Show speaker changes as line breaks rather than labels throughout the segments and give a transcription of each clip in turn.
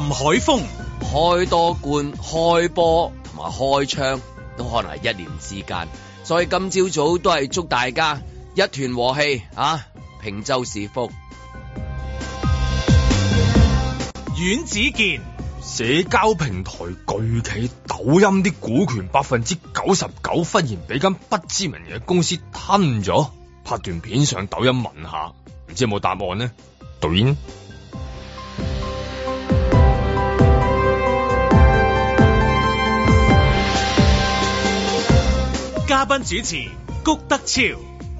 林海峰開多
罐，開波同埋開槍都可能係一念之間，所以今朝早，早都係祝大家一團和氣啊，平舟是福。
阮子健社交平台巨企抖音啲股權百分之九十九忽然俾間不知名嘅公司吞咗，拍段片上抖音問下，唔知有冇答案呢？導演。
嘉賓主持谷德超，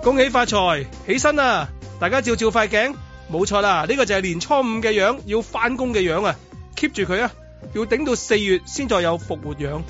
恭喜發財！起身啦，大家照照塊鏡，冇錯啦，呢個就係年初五嘅樣，要翻工嘅樣啊，keep 住佢啊，要頂到四月先再有復活樣，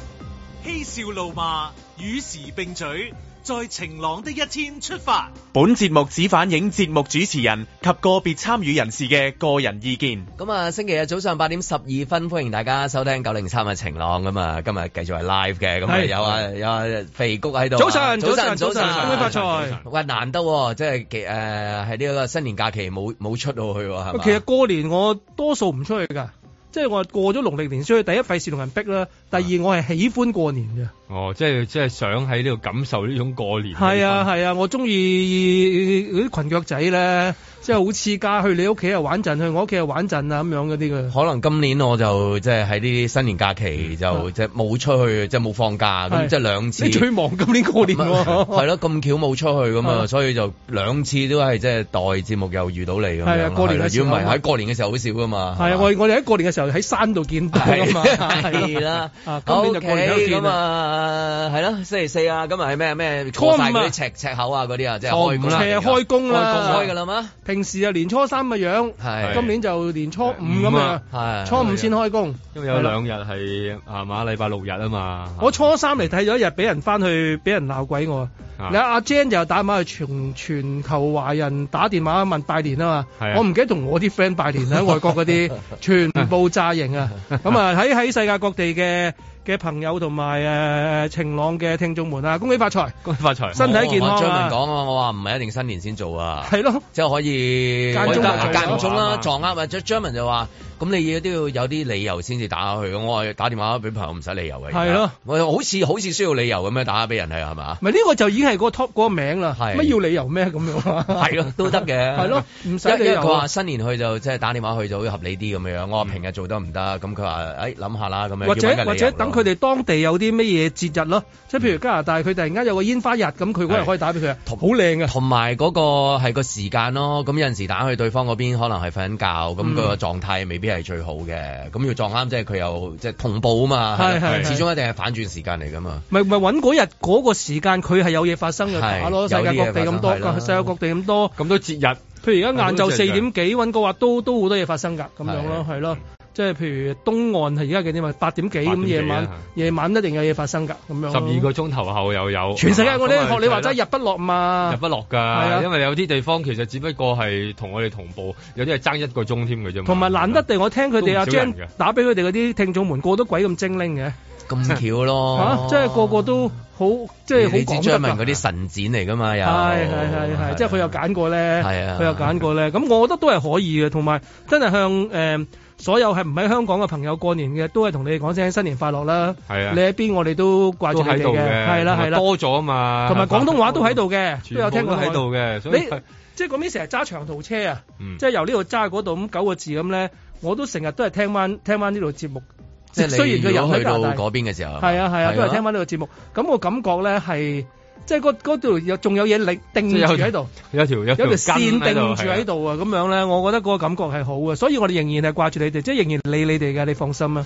嬉笑怒罵與時並取。在晴朗的一天出發。本節目只反映節目主持人及個別參與人士嘅個人意見。
咁啊，星期日早上八點十二分，歡迎大家收聽九零三嘅晴朗。咁啊，今日繼續係 live 嘅，咁啊有啊有啊肥谷喺度。早晨，早晨，早晨。恭喜發財。喂，難得，即係誒係呢個新年假期冇冇出到
去係嘛？其實
過年我多數唔出去㗎。即係我過咗農曆年，所以第一費事同人逼啦，第二我係喜歡過年嘅。
哦，即係即係想喺呢度感受呢種過年。係啊
係啊，我中意嗰啲裙腳仔咧。 即係好似家去你屋企啊玩陣，去我屋企啊玩陣啊咁樣嗰啲嘅。
可能今年我就即係喺呢啲新年假期就即係冇出去， 即係冇放假咁，即係兩次。你最
忙今年過年，啊。係
咯，咁巧冇出去咁啊，所以就兩次都係即係代節目又遇到你咁樣。過年係如果唔係喺過年嘅時候好少噶 嘛。
係 是的 啊，我哋喺過年嘅時候喺山度見到嘛。係啦，咁就過年都見啊。
係咯，星期四啊，今日係咩咩？初晒嗰
啲赤赤口啊，嗰啲啊，即係開工啦。開噶啦嘛。平時啊，年初三嘅樣，今年就年初五咁嘛，
係、啊、初五先開
工。因為有兩
日係啊嘛，禮拜六日啊嘛。
我初三嚟睇咗一日，俾人翻去，俾人鬧鬼我。你阿 Jane 就打埋去全全球華人打電話問拜年啊嘛。我唔記得同我啲 friend 拜年喺外國嗰啲 全部詐型啊。咁 啊，喺喺世界各地嘅。嘅朋友同埋誒晴朗嘅聽眾們啊，恭喜發財，恭喜發財。身體健康。張文講
啊，我話唔係一定新年先做啊，
係咯，即係可以間唔中間
唔中啦，撞啊！或者張文就話。咁你嘢都要有啲理由先至打下去。我話打電話俾朋友唔使理由嘅。係咯，我、啊、好似好似需要理由咁樣打俾人係係嘛？
呢、呢個就已經係個 top 嗰個名啦。係乜要理由咩咁樣？係 咯，
都得嘅。係 咯，唔使理由。佢話新年去就即係打電話去就會合理啲咁樣。我話平日做得唔得，咁佢話誒諗下啦咁樣。或者或者等
佢哋當地有啲乜嘢節日咯，即係譬如加拿大佢突然間有個煙花日，咁佢嗰日可以打
俾佢好靚啊。同埋嗰個係個時間咯，咁有陣時打去對方嗰邊可能係瞓緊覺，咁佢個狀態、嗯、未必。係最好嘅。咁要撞啱，即係佢有即係同步啊嘛。係係，始終一定係反轉時間嚟噶嘛。
唔係，唔係揾，嗰日嗰個時間，佢係有嘢發生嘅咯，世界各地咁多，世界各地咁多，咁多節日。譬如而家晏晝四點幾揾個話都都好多嘢發生噶，咁樣咯，係咯。即係譬如東岸係而家幾點啊？八點幾咁夜晚，夜晚一定有嘢發生㗎咁樣。十二個
鐘頭後又有。全世界我哋學你話齋、就
是、日不落嘛？日不落㗎，因為
有啲地方其實只不過係同我哋同步，有啲係
爭一個鐘添嘅啫。同埋難得地，我聽佢哋阿張打俾佢哋嗰啲聽眾們過得鬼咁精靈嘅。咁巧咯、啊，即係個個都好，即係好講得。啲神剪嚟㗎嘛？又係係即係佢有揀過咧，佢有揀過咧。咁我覺得都係可以嘅，同埋真係向誒。呃所有係唔喺香港嘅朋友過年嘅都係同你哋講聲新年快樂啦。係啊，你喺邊我哋都掛住喺度嘅。係啦係啦，多咗啊嘛。同埋廣東話都喺度嘅，全都有聽過。喺度嘅，你即係嗰邊成日揸長途車啊、嗯，即係由呢度揸嗰度咁九個字咁咧，我都成日都係聽翻聽翻呢度節目。即係你如果去到嗰
邊嘅時候是是，係啊係啊，啊，都係聽翻
呢個節目。咁我感覺咧係。是即係嗰嗰度有仲有嘢定定住喺度，
有條有條線，定住喺度
啊！咁樣咧，我覺得嗰個感覺係好嘅，所以我哋仍然係掛住你哋，即係仍然理你哋嘅，你放心啦。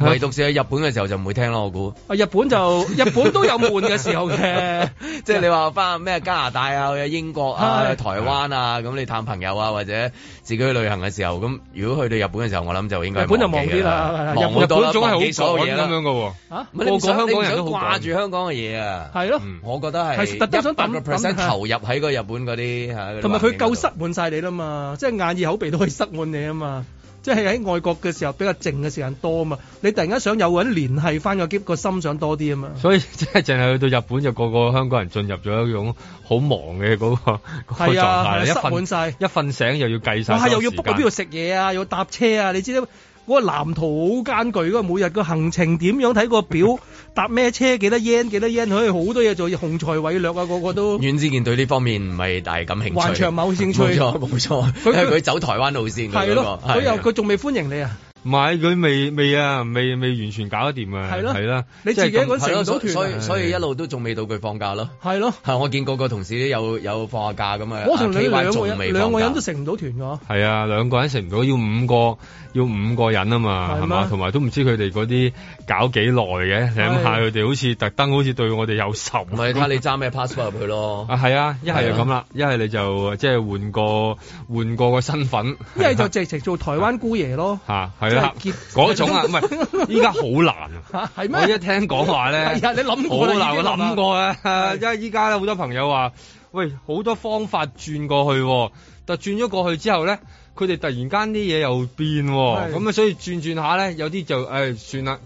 唯獨是喺日
本嘅時候就唔會聽咯，我估。
啊，日本就 日
本都有悶嘅時候嘅，即 係你話翻咩加拿大啊、英國啊、台灣啊，咁你探朋友啊或者自己去旅行嘅時候，咁如果去到日本嘅時候，我諗就應該日本就忙啲啦，日本多啦，好幾多嘢咁樣嘅
喎、啊啊、香港人都掛住
香港嘅嘢啊。係咯、嗯，我覺得係。係特登想百分之百投入喺個日本嗰啲同埋佢
夠塞滿晒你啦嘛，即係眼耳口鼻都可以塞滿你啊嘛。即係喺外國嘅時候比較靜嘅時間多啊嘛，你突然間想有個人聯繫翻個結，個心想多啲啊嘛。
所以即係淨係去到日本就個個香港人進入咗一種好忙嘅嗰、嗰個嗰、啊嗰個狀態啦，塞滿曬，一瞓醒又要計曬。哇！又要 book 去邊度
食嘢啊，又要搭車啊，你知啦。嗰、那個藍圖好艱巨，嗰個每日個行程點樣睇個表， 搭咩車，幾多 yen，幾多 yen，可以好多嘢做紅，雄才偉略啊！個個都
阮子健對呢方面唔係大感興趣，還長冇興趣，冇錯冇錯。佢走台
灣路綫，係咯，佢、那個、又佢
仲未歡迎你啊！
唔係佢未未啊，未未，未，未完全搞得掂啊！係咯，係啦，你自己嗰成唔到團，所以一路都仲未到佢放假咯。係咯，我見個個同事咧有有放下假咁啊，
企班仲未放，兩個人都成唔到團噶。
係啊，兩個人成唔到，要五個。要五個人啊嘛，係嘛？同埋都唔知佢哋嗰啲搞幾耐嘅，你諗下佢哋好似特登好似對我哋有仇。唔係睇你
揸咩 passport 入
去咯。啊，係啊，一係就咁啦，一係、啊、你就即係、就是、換個換個個身份。
一係、啊啊、就直情做台灣姑爺咯。
係啦、啊，嗰、啊啊、種啊，唔係依家好難
啊。係咩？我一聽講話咧，我 難諗過咧，
因為依家咧好多朋友話、啊，喂好多方法轉過去、啊，但轉咗過去之後咧。佢哋突然間啲嘢又變咁啊，所以轉轉下咧，有啲就誒、哎、算啦，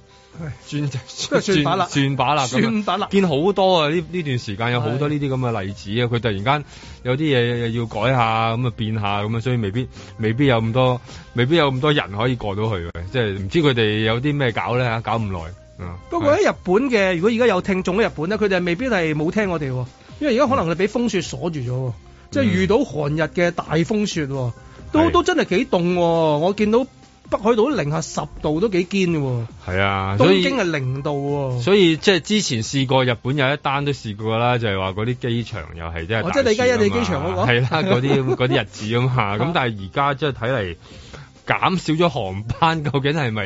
轉轉把啦，轉把啦，轉把啦，見好多啊！呢呢段時間有好多呢啲咁嘅例子啊。佢突然間有啲嘢又要改下，咁啊變下咁啊，所以未必未必有咁多，未必有咁多人可以過到去嘅，即係唔知佢哋有啲咩搞咧嚇，搞唔
耐。不過喺日本嘅，如果而家有聽眾喺日本咧，佢哋未必係冇聽我哋，因為而家可能係俾風雪鎖住咗，即係遇到寒日嘅大風雪。嗯都都真係幾凍喎！我見到北海道零下十度都幾堅嘅喎。
係啊，都已經係
零度。所
以即係、啊就是、之前試過日本有一單都試過啦，就係話嗰啲機場又係即係。即、哦、係、就是、你而家一地機場嗰個係啦，嗰啲嗰啲日子咁吓咁但係而家即係睇嚟。就是減少咗航班。究竟係咪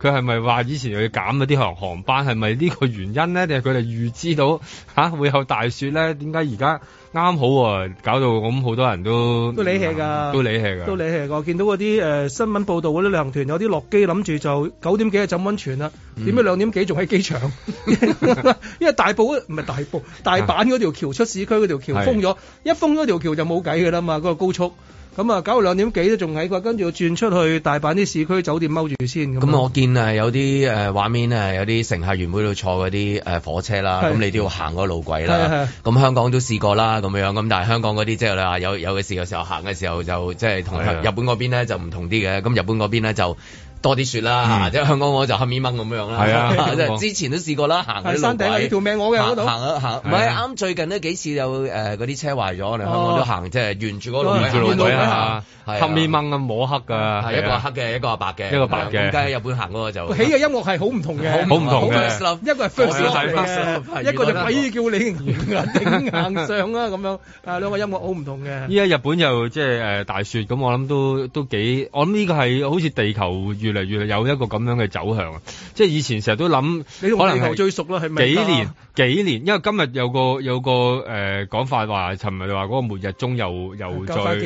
佢係咪話以前又要減咗啲航航班，係咪呢個原因咧，定係佢哋預知到吓，啊、會有大雪咧？點解而家啱好啊？搞到咁好多人都都理氣噶，都理氣噶，都理
氣噶，我見到嗰啲誒新聞報道嗰啲旅行團，有啲落機諗住就九點幾去浸温泉啦，嗯，點解兩點幾仲喺機場？ 因為大埔唔係大埔，大阪嗰條橋出市區嗰條橋封咗，啊，一封咗條橋就冇計噶啦嘛，嗰，嗰個高速。咁啊，搞到兩點幾都仲喺㗎，跟住我轉出去大阪啲市區酒店踎住先。咁我
見啊有啲誒畫面啊，有啲乘客員會度坐嗰啲誒火車啦，咁你都要行嗰路軌啦。咁香港都試過啦，咁樣咁，但係香港嗰啲即係你話有有嘅時，有時候行嘅時候就即係同日本嗰邊咧就唔同啲嘅。咁日本嗰邊咧就。多啲雪啦、嗯、即係香港我就黑咪掹咁樣啦。係啊，即之前都試過啦，行喺係山頂呢、啊、條命我嘅嗰度。行行，唔係啱最近呢幾次就嗰啲車壞咗，嚟、啊、香港都行即係沿住嗰路住、啊啊、黑咪掹啊，摸黑噶，係、啊啊、一個黑嘅，一個白嘅，一個白嘅。咁、啊、日本行嗰個就起嘅
音樂係好唔同嘅，好唔同嘅。一個係 first love、啊一，啊一，啊、一個就鬼叫你。榮 炫啊咁樣。啊，兩個音樂好唔同嘅。依
家日本又即係大雪咁，我諗都都幾，我諗呢個係好似地球。越嚟越有一個咁樣嘅走向啊！即係以前成日都諗，你同黃頭最熟啦，係咪幾年幾年？因為今日有個有個誒講、呃、法話，尋日話嗰個末日鐘又又再十又再快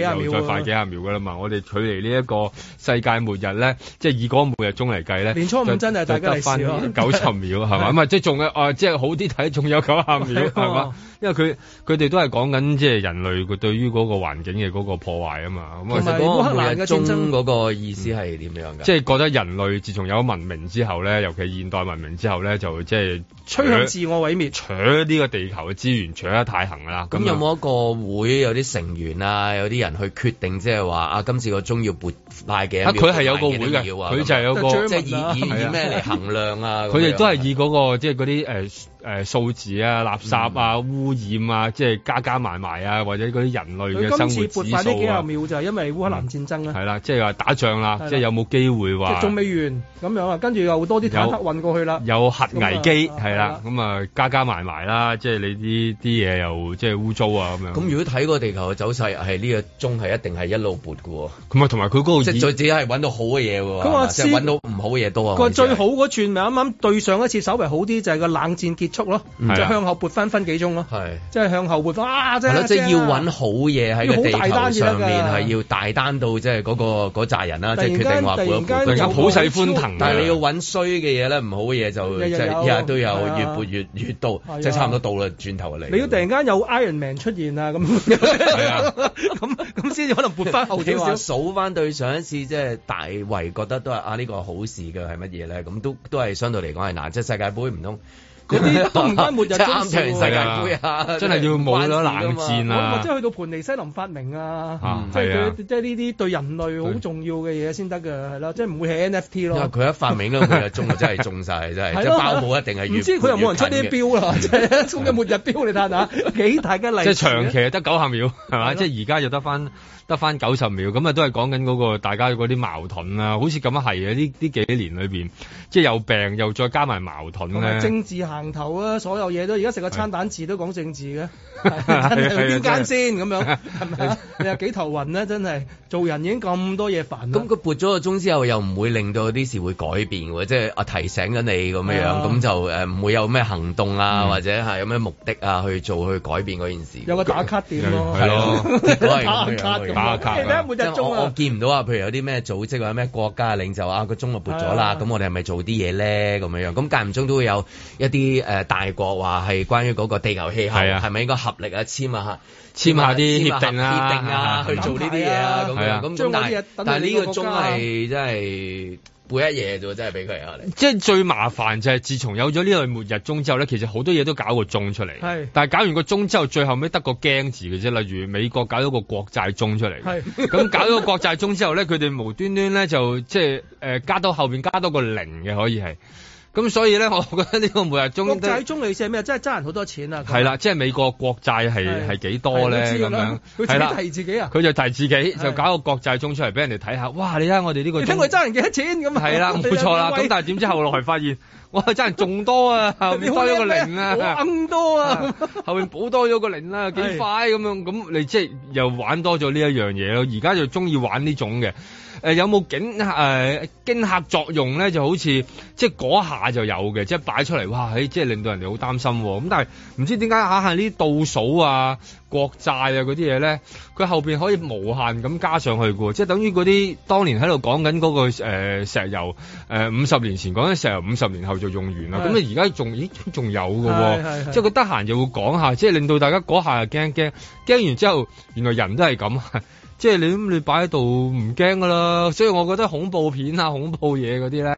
幾廿秒㗎啦嘛！我哋距離呢一個世界末日咧，即係以嗰個末日鐘嚟計咧，年初五真係大家係九十秒係嘛？咁 啊，即係仲啊，即係好啲睇，仲有九十秒係嘛？因為佢佢哋都係講緊即係人類佢對於嗰個環境嘅嗰個破壞啊嘛。其實烏克蘭嘅戰爭嗰個意思係點樣㗎、嗯？即覺得人類自從有文明之後咧，尤其是現代文明之後咧，就即係趨向自我毀滅，搶呢個地球嘅資源，搶得太行
啦。咁、嗯、有冇一個會有啲成員啊，有啲人去決定，即係話啊，今次個鐘要
撥快幾秒？佢係有個會嘅，佢就係有個即係以是以咩嚟衡
量啊？佢
哋都係以嗰、那個即係嗰啲誒。呃誒、呃、數字啊、垃圾啊、嗯、污染啊，即係加加埋埋啊，或者嗰啲人類嘅生活指數啊，佢今次撥快啲幾十
秒就係因為烏克蘭戰爭啦、啊。係、嗯、
啦，即係話打仗啦，即係有冇機會話？仲
未完咁樣啊，跟住又多啲坦克運過去啦。有
核危機係啦，咁啊、嗯、加加埋埋啦，即係你啲啲嘢又即係污糟啊咁樣。咁如果睇個地球嘅走勢係呢個鐘係一定係一路撥嘅喎。咁啊，同埋
佢嗰度即係再只係揾到好嘅嘢喎，即係揾到唔好嘅嘢都。啊。個
最好嗰段咪啱啱對上一次稍微好啲，就係個冷戰結。速咯、啊，就向後撥返分幾鐘咯，係、啊、即係向後撥返、啊啊啊！即係即係要揾
好嘢喺個地盤上面係要，要大單到、那個，即係嗰個嗰扎人啦，即係決定話撥一撥。好勢歡騰，但係你要揾衰嘅嘢咧，唔好嘅嘢就即係日日有都有、啊、越撥越越，越到，啊、即係差唔多到啦，轉頭嚟。你要
突然間有 Iron Man 出現啊咁，咁咁先至可能撥翻後少少。 數翻對
上一次即係大圍覺得都係啊呢、呢個好事嘅係乜嘢咧？咁都都係相對嚟講係難的，即係世界盃唔通。 有啲都唔關末日爭奪 世界盃啊！真係要冇咗冷戰啊。即係去
到盤尼西林發明啊，嗯、即係呢啲對人類好重要嘅嘢先得㗎，係咯、啊，即係唔會係 NFT 咯。
佢、啊、一發明咧，佢就中，中 啊，真係中晒，真
係即係包冇一定係越。唔知佢又冇人出啲標啊？即係中嘅末日標，你睇下 幾大嘅利？即係長期
係得九十秒係嘛、啊？即係而家又得翻得翻九十秒咁啊！啊都係講緊嗰個大家嗰啲矛盾啊，好似咁啊係啊！呢呢幾年裏邊即係有病又再加埋矛盾、啊啊、政
治下。頭啊！所有嘢都而家食個餐蛋治都講政治嘅。 真係邊間先咁樣，係咪啊幾頭暈咧？真係做人已經咁多嘢煩。咁
佢撥咗個鐘之後，又唔會令到啲事會改變喎，即係啊提醒緊你咁樣樣，咁、啊、就誒唔、呃、會有咩行動啊，嗯、或者係有咩目的啊去做去改變嗰件事。
有個打卡點咯，係咯， 打卡咁、啊啊。我我
見唔到啊，譬如有啲咩組織或者咩國家領袖啊，個鐘就撥咗啦，咁、啊啊、我哋係咪做啲嘢咧？咁樣樣咁間唔中都會有一啲。啊啲、呃、大國話係關於嗰個地球氣候係啊，咪應該合力啊簽啊簽下啲協定啊協定啊,啊，去做呢啲嘢啊咁、啊、樣咁、啊。但係但係呢個鐘係真係背一嘢都真係俾佢啊！即、就、係、
是、最麻煩就係自從有咗呢個末日鐘之後咧，其實好多嘢都搞個鐘出嚟。係，但係搞完個鐘之後，最後尾得個驚字嘅啫。例如美國搞咗個國債鐘出嚟，咁搞咗個國債鐘之後咧，佢哋無端端咧就即係加到後面加多個零嘅，可以係。咁所以咧，我覺得呢個末日鐘、國債
鐘利係咩？真係爭人好多錢啊！係啦，即、
就、係、是、美國國債係幾多咧？咁樣係啦，佢自己提自己啊！佢就提自己，就搞個國債鐘出嚟俾人哋睇下。哇！你睇下我哋呢個，因為爭人幾多錢
咁樣？係啦，冇錯啦。咁但
係點知後嚟發現， 哇！爭人仲多啊！後面多咗個零啊！玩
多啊！
後面補多咗個零啦、啊，幾快咁、啊、樣？咁你即係又玩多咗呢一樣嘢咯。而家就鍾意玩呢種嘅。.誒、呃、有冇驚誒驚嚇作用咧？就好似即係嗰下就有嘅，即係擺出嚟，哇！哎、即係令到人哋好擔心咁、哦。但係唔知點解下下呢啲倒數啊、國債啊嗰啲嘢咧，佢後面可以無限咁加上去嘅，即係等於嗰啲當年喺度講緊嗰個石油誒，五十年前講緊石油，五、呃、十年、年後就用完啦。咁你而家仲咦仲有㗎喎、哦？即係佢得閒就會講下，即係令到大家嗰下又驚驚驚完之後，原來人都係咁。即係你咁你擺喺度唔驚噶啦，所以我覺得恐怖片啊、恐怖嘢嗰啲咧，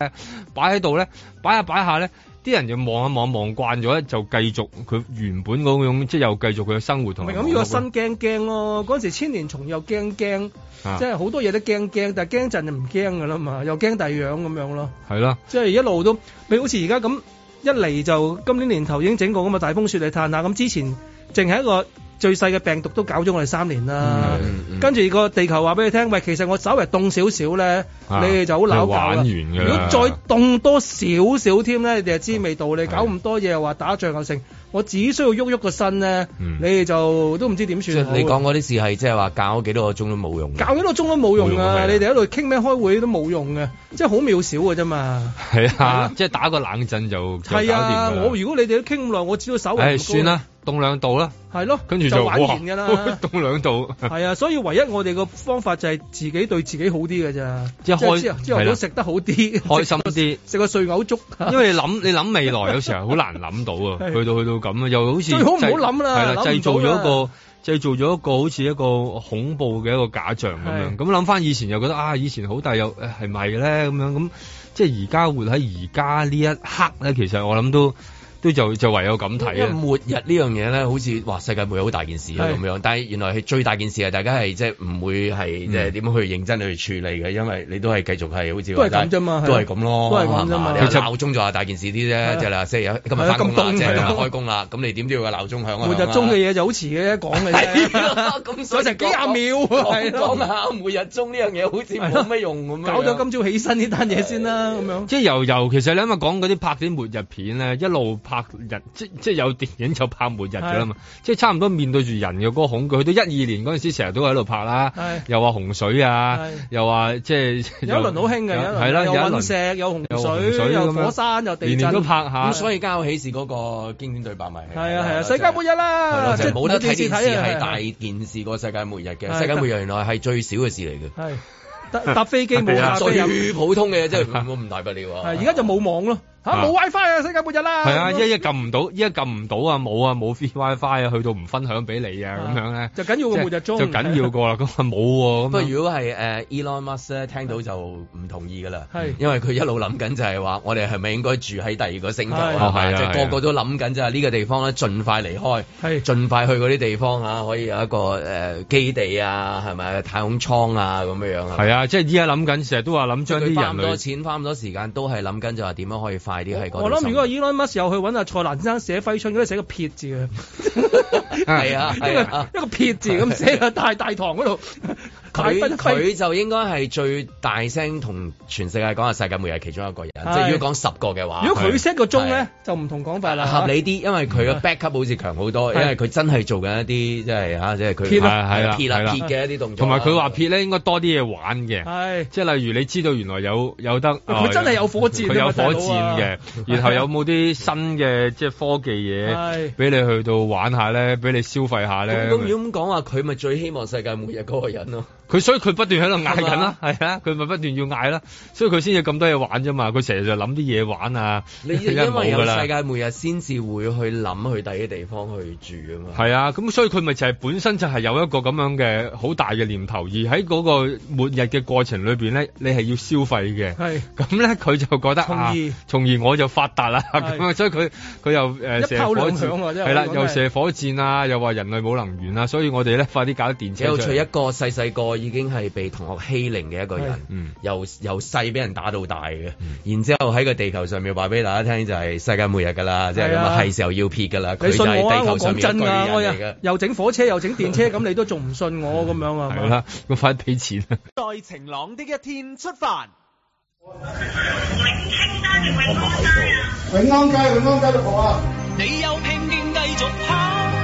擺喺度咧，擺下擺下咧，啲人就望一望望慣咗，就繼續佢原本嗰種，即係又繼續佢嘅生活同埋係咁呢個新
驚驚咯，嗰時千年蟲又驚驚，即係好多嘢都驚驚，但係驚陣就唔驚噶啦嘛，又驚第二樣咁樣咯。係啦，即係一路都你好似而家咁，一嚟就今年年頭已經整個咁嘅大風雪嚟嘆啦，咁之前淨係一個。最細嘅病毒都搞咗我哋三年啦，跟住個地球話俾你聽，喂，其實我稍微凍少少咧，你哋就好扭完啦。如果再凍多少少添咧，你哋就知味道、嗯、你搞咁多嘢又話打仗又剩、嗯，我只需要喐喐個身咧、嗯，你哋就都唔知點算。你講嗰
啲事係即係話搞幾多個鐘都冇用，
搞幾多個鐘都冇用、用啊！你哋喺度傾咩開會都冇用嘅，即係好渺小嘅啫嘛。
係啊，即係打個冷震就、啊、就搞掂啊，我如
果你哋都傾咁耐，我只要稍微、哎。算啦。
凍兩度啦，
係咯，跟住就，就玩完㗎啦。
凍兩度，係啊，
所以唯一我哋個方法就係自己對自己好啲㗎咋，即係之、即係、之後食得好啲、啊，開心啲，食個碎藕粥。因為你諗，你
諗未來有時候好難諗到 啊，去到去到咁啊，又好似最好唔好諗啦，係啦，製造咗一個，製、啊、造咗一,一個好似一個恐怖嘅一個假象咁、啊、樣。咁諗翻以前又覺得啊，以前好大又，係咪咧咁樣咁，即係而家活喺而家呢一刻咧，其實我諗都。即就就唯有咁睇啊！末日呢樣嘢咧，好似哇世界末日好大
件事咁樣，但係原來係最大件事啊！大家係即係唔會係即係點樣去認真去處理嘅，因為你都係繼續係好似都係咁啫嘛，都係咁啫嘛。其實、啊、鬧鐘就話大件事啲啫，係就係、係即係啦，即係今日翻工啦，即係開工啦，咁你點都要個鬧鐘響啊！末日鐘
嘅嘢就好遲嘅啫，
講嘅 所以成幾廿秒，講下末日鐘呢樣嘢好似冇
乜用咁樣，搞到今朝起身呢單嘢先
啦咁樣。
即係由由其實你啱啱講嗰啲拍啲末日片咧，一路拍人即即有電影就拍末日㗎啦嘛，是啊、即係差唔多面對住人嘅嗰個恐懼。去到一二年嗰陣時，成日都喺度拍啦，啊、又話洪水啊，是啊又話即係有一輪好興嘅，有一輪隕石，
有洪、啊、水，又水又，又火山，又地震，年，年都
拍下。
咁、嗯、所以而家有喜事嗰個經典對白咪係啊係啊，世界末日
啦，係冇得睇電視係大
件事個世界末日嘅世界末日，原來係最少嘅事嚟嘅、啊
啊啊，搭飛機沒搭飛機冇架飛機最普
通嘅，即係咁咁大不了。
而家就冇網咯。冇 WiFi 啊！世、啊、界、啊、末日啦！係啊、嗯，一一
撳唔到，依家撳唔到啊！冇啊，冇 free WiFi 啊！去到唔分享俾你啊！咁、啊、樣咧就緊要個末日鐘就緊要過啦！咁冇喎。不如，如果係、uh, Elon Musk
呢，聽到就唔同意㗎啦。係，因為佢一路諗緊就係話，我哋係咪應該住喺第二個星球啊？係啊，即係個個都諗緊係呢個地方咧，盡快離開，盡快去嗰啲地方啊，可以有一個、uh、基地啊，係咪太空艙啊咁樣啊？係啊，
即係依家諗緊，成日都話諗將
啲人花咁多錢、花咁多，多時間，都係諗緊就話點樣可以我諗如果
Elon Musk 乜時候去搵阿、啊、蔡瀾先生寫揮春，應該寫個撇字啊，
係啊，一個 一個撇字咁寫喺
大大堂嗰度。 佢佢就應該係最
大聲同全世界講下世界末日其中一個人，即係如果講十個嘅話，如果佢
set 個鐘咧，就唔同講法啦，合理啲，
因為佢嘅 backup 好似強好多，因為佢真係做緊一啲
即係嚇，即係佢係係撇
撇嘅一啲動作，同埋佢
話
撇咧應該多啲嘢玩嘅，係，即係例如你知道原來有有得，佢真係有，有火箭，佢、啊、有火箭嘅、啊，然後有冇啲新嘅即係科技嘢俾你去到玩下咧，俾你消費下咧，咁咁如
果咁講話，佢咪最希望世界末日嗰個人咯、啊？
佢所以佢不斷喺度嗌緊啦，係啊，佢咪不斷要嗌啦，所以佢先有咁多嘢玩啫嘛。佢成日就諗啲嘢玩啊。你因為有世界
末日，先至會去諗去第啲地方去住啊嘛。
係啊，咁所以佢咪就係本身就係有一個咁樣嘅好大嘅念頭，而喺嗰個末日嘅過程裏面咧，你係要消費嘅。咁咧，佢就覺得啊，從而我就發達啦。咁啊， 所以佢佢又誒射火箭係啦，又射火箭啊，又話人類冇能源啊，所以我哋咧快啲搞電車。除一個細細個已經係被同學欺凌嘅一個人，嗯、
由由細俾人打到大嘅，嗯，然之後喺個地球上面話俾大家聽就係、是，世界末日噶啦，即係係時候要撇噶啦。你信我啊，地球上我講真，啊、
又整火車又整電車，咁 你都仲唔信我咁樣啊？係啦，
咁快俾錢啊！
在 晴朗的
一天出發，永
興街定永安街，啊、永安街，永安街，繼
續啊！你有拼命繼續跑。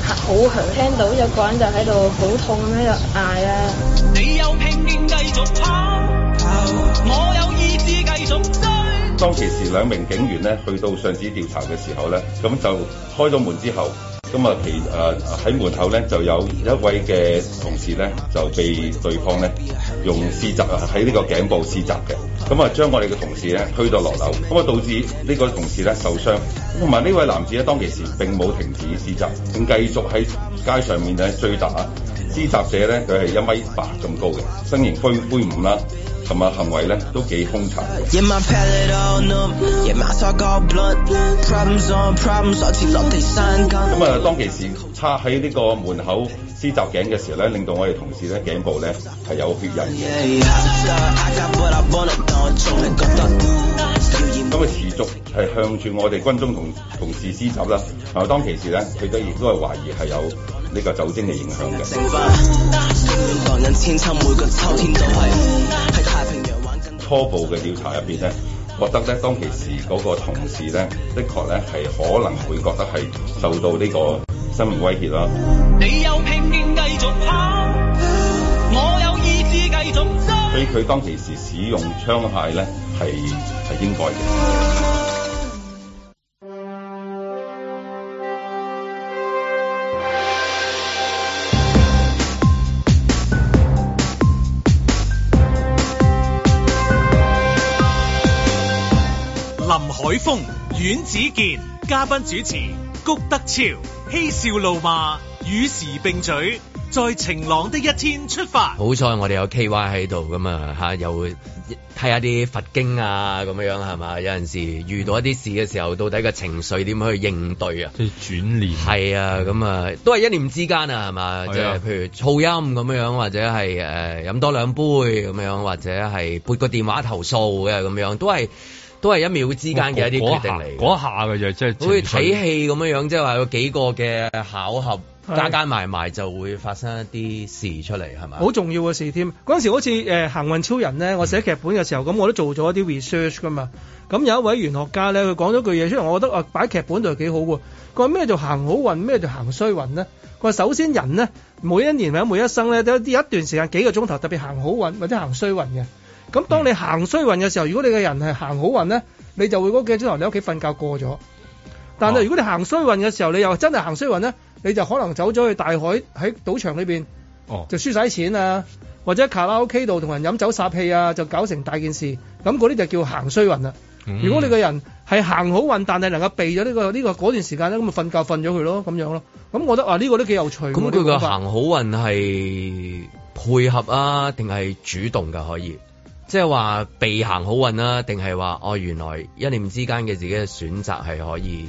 好響，聽到一個人就喺度好痛咁
喺度
嗌啊！
當其時兩名警員呢去到上址調查嘅時候呢，咁就開咗門之後。咁啊，喺、呃、門口呢，就有一位嘅同事呢，就被對方呢用施襲喺呢個頸部施襲嘅，咁啊將我哋嘅同事呢推到落樓，咁啊導致呢個同事呢受傷，同埋呢位男子呢，當其時並冇停止施襲，咁繼續喺街上面呢追打施襲者呢，佢係一米八咁高嘅，身形魁魁梧啦。咁啊行為咧都幾兇殘。
咁啊
當其時插喺呢個門口撕襲頸嘅時候咧，令到我哋同事咧頸部咧係有血印嘅。咁佢持續係向住我哋軍中同同事撕襲啦。啊，當其時咧，佢都亦都係懷疑係有呢個酒精嘅影響嘅。初步嘅調查入邊咧，覺得咧當其時嗰個同事咧，的確咧係可能會覺得係受到呢個生命威脅啦。
你有拼勁繼續跑，我有意志繼續追。
所以佢當其時使用槍械咧，係係應該嘅。
海峰、阮子健嘉賓主持，谷德超、嬉笑怒罵，與時並舉，在晴朗的一天出發。
好彩我哋有 K Y 喺度咁啊，吓，又會睇下啲佛經啊咁樣樣係嘛？有陣時遇到一啲事嘅時候，到底個情緒點樣去應對，就是、轉是啊？即係轉念係啊，咁啊都係一念之間啊，係嘛？即係譬如噪音咁樣，呃、樣，或者係誒飲多兩杯咁樣，或者係撥個電話投訴嘅咁樣，都係。都係一秒之間嘅一啲決定嚟，嗰下嘅就即係好似睇戲咁樣，即係話有幾個嘅巧合加加埋埋就會發生一啲事出嚟，係咪？好
重要嘅事添。嗰陣時好似誒行運超人咧，我寫劇本嘅時候咁，嗯、我都做咗一啲 research 㗎嘛。咁有一位玄學家咧，佢講咗句嘢出嚟，雖然我覺得啊，擺劇本度係幾好喎。佢話咩叫行好運，咩叫行衰運咧？佢話首先人咧，每一年或者每一生咧，都有啲有一段時間幾個鐘頭特別行好運或者行衰運嘅。咁、嗯、當你行衰運嘅時候，如果你個人係行好運咧，你就會嗰幾朝頭你屋企瞓覺過咗。但係如果你行衰運嘅時候，你又真係行衰運咧，你就可能走咗去大海喺賭場裏面、哦，就輸晒錢啊，或者卡拉 OK 度同人飲酒撒氣啊，就搞成大件事。咁嗰啲就叫行衰運啦、
嗯。如果
你個人係行好運，但係能夠避咗呢、呢個呢、呢個嗰段時間咧，咁咪瞓覺瞓咗佢咯，咁樣咯。咁我覺得啊，呢、呢個都幾有趣。咁佢叫行
好運係配合啊，定係主動㗎？可以？即係話被行好運啦，定係話哦，原來一年之間嘅自己嘅選擇係可以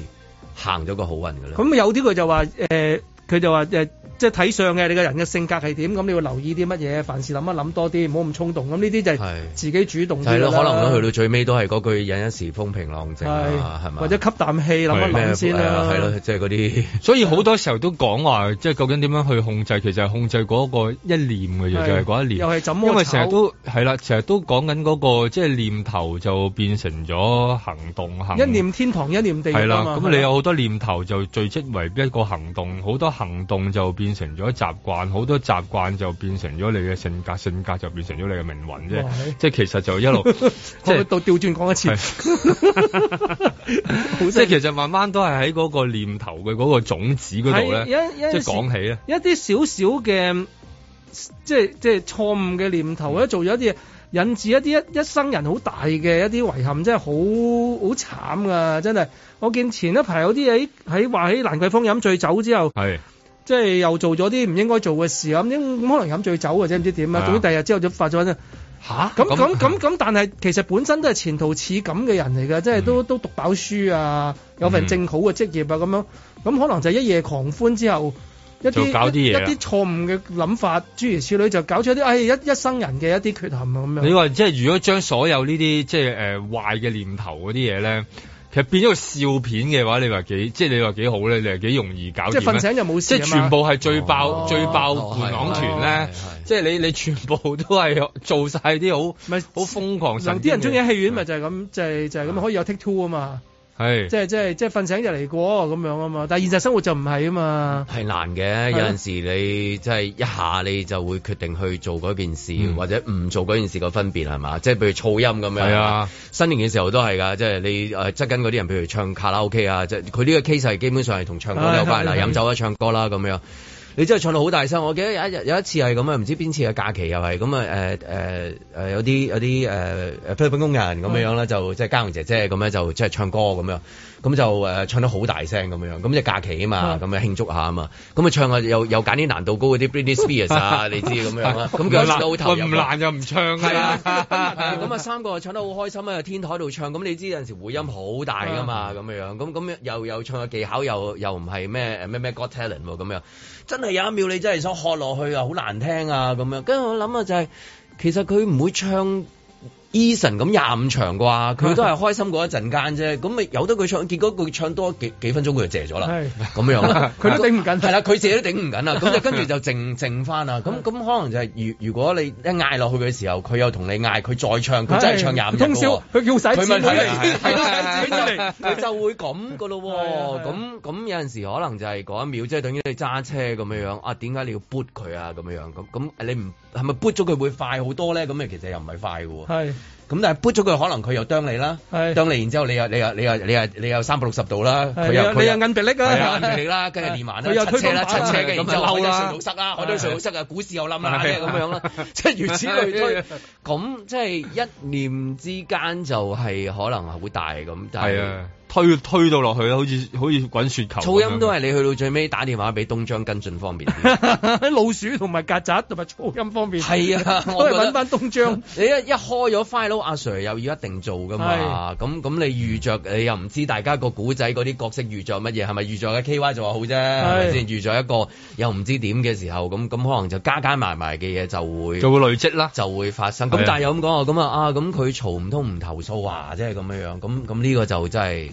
行咗個好運嘅啦。咁
有啲佢就話誒，佢、呃、就話誒。呃即係睇上嘅你個人嘅性格係點，咁你要留意啲乜嘢，凡事諗一諗多啲，唔好咁衝動。咁呢啲就係自己主動啲咯，係、可能去到
最尾都係嗰句：忍一時風平浪靜，係
嘛？或者吸啖氣，諗一諗先啦。係、啊、咯，即
係嗰啲。所以好多時候都講話，即、就、係、係、究竟點樣去控制？其實係控制嗰個一念嘅啫，就係、係、嗰一念。又係因為成日都係啦，成日都講緊嗰個即係、就係、念頭就變成咗行動。行一念
天堂，一念地獄。係啦，咁你
有好多念頭就聚積為一個行動，好多行動就變變成咗習慣，好多習慣就變成咗你嘅性格，性格就變成咗你嘅命運啫。即係其實就一路，即係到調轉講一次。即 係、就是、 其實慢慢都係喺嗰個念頭嘅嗰個種子嗰度咧，即係講起
咧，一啲少少嘅，即係即係錯誤嘅念頭咧，做咗啲引致一啲一,一生人好大嘅一啲遺憾，真係好好慘噶，真係。我見前一排有啲嘢喺話喺蘭桂坊飲醉酒之後係。即係又做咗啲唔應該做嘅事，咁可能飲醉酒或者唔知點呀。總之第二日之後就發咗啦。嚇！咁咁咁咁，但係其實本身都係前途似錦嘅人嚟嘅，即係都、嗯、都讀飽書啊，有份正好嘅職業啊，咁樣咁可能就一夜狂歡之後，一啲一啲錯誤嘅諗法諸如此類，就搞出一啲唉、哎、一一生人嘅一啲缺陷啊咁樣。你話
即係如果將所有呢啲即係誒、呃、壞嘅念頭嗰啲嘢咧？其實變咗個笑片嘅話，你話幾即係你話幾好咧？你係幾容易搞？即係瞓醒就冇事。即係全部係最爆、哦、最爆伴郎團咧、哦！即係你你全部都係做晒啲好，好瘋狂神經。嗱，啲人中意喺戲
院咪就係咁，就係、是、就係、是、咁、嗯、可以有 take two 啊嘛。係，即係即係即係瞓醒就嚟過咁樣啊嘛，但係現實生活就唔係啊嘛。
係難嘅，有陣時你即係、啊、一下你就會決定去做嗰件事，嗯、或者唔做嗰件事個分別係嘛？即係譬如噪音咁樣。係啊，新年嘅時候都係㗎，即係你誒側緊嗰啲人，譬如唱卡拉 OK 啊，即係佢呢個 case 係基本上係同唱歌有關。嗱、啊，飲酒啦，唱歌啦，咁樣。你真係唱到好大聲！我記得有一日有一次係咁啊，唔知邊次嘅假期又係咁啊，誒誒有啲有啲誒菲律賓工人咁樣啦，就即係家傭姐姐咁樣，就即係唱歌咁樣，咁就唱得好大聲咁樣，咁就假期啊嘛，咁啊慶祝下啊嘛，咁啊唱啊又又揀啲難度高嗰啲 Britney Spears 啊，你知咁樣啦，咁佢有時都好唔難
又唔唱呀，咁、嗯、啊、 嗯嗯嗯、
三個唱得好開心啊，天台度唱。咁你知有時迴音好大噶嘛，咁樣咁咁又又唱嘅技巧又又唔係咩咩咩 Got Talent 咁真係有一秒你真係想喝落去啊，好難聽啊咁樣。跟住我諗啊、就係，就係其實佢唔會唱。Eason 咁廿五場啩，佢都係開心過一陣間啫。咁咪由得佢唱，結果佢唱多幾幾分鐘佢就謝咗啦。係 咁這樣啦，佢 都頂唔緊。係、嗯、啦，佢 自己都頂唔緊啦。咁 就跟住就靜靜翻啦。咁咁可能就係、是、如如果你一嗌落去嘅時候，佢又同你嗌，佢再唱，佢真係唱廿五。 通宵佢叫使錢嚟，係啦係啦，佢問題嚟，佢就會咁噶咯。咁咁有陣時可能就係嗰一秒，即、就、係、是、等於你揸車咁樣樣啊？點解你要 boot 佢啊？咁樣咁咁你唔係咪 boot 咗佢會快好多咧？咁咪其實又唔係快喎。 咁但係搬咗佢，可能佢又啄你啦啄你然之後你又你又你又你又，你，又，你，又 ,360 又你有三百六十度啦，佢又佢有韌皮力啊，韌啦，跟住連埋，佢又佢、嗯嗯、又啦，親車嘅，然後就然後海底隧道塞啦，海底隧道塞
啊，股市又冧
啦，咁樣啦， 即係如此類推，咁即係一念之間就係可能係會大咁，但係啊。
推推到落去好似好似滾雪球。噪音都係
你去到最尾打電話俾東張跟進方面， 老鼠
同埋曱甴同埋噪音方面，係啊，我都係搵翻東張。
你一一開咗 file，阿 Sir 又要一定做噶嘛？咁咁你預着，你又唔知大家個古仔嗰啲角色預着乜嘢？係咪預着嘅 KY 就話好啫？係咪先？預著一個又唔知點嘅時候，咁咁可能就加加埋埋嘅嘢就會就會累積啦，就會發生。咁但係又咁講啊，咁啊啊咁佢嘈唔通唔投訴即係，咁樣樣咁咁呢個就真係。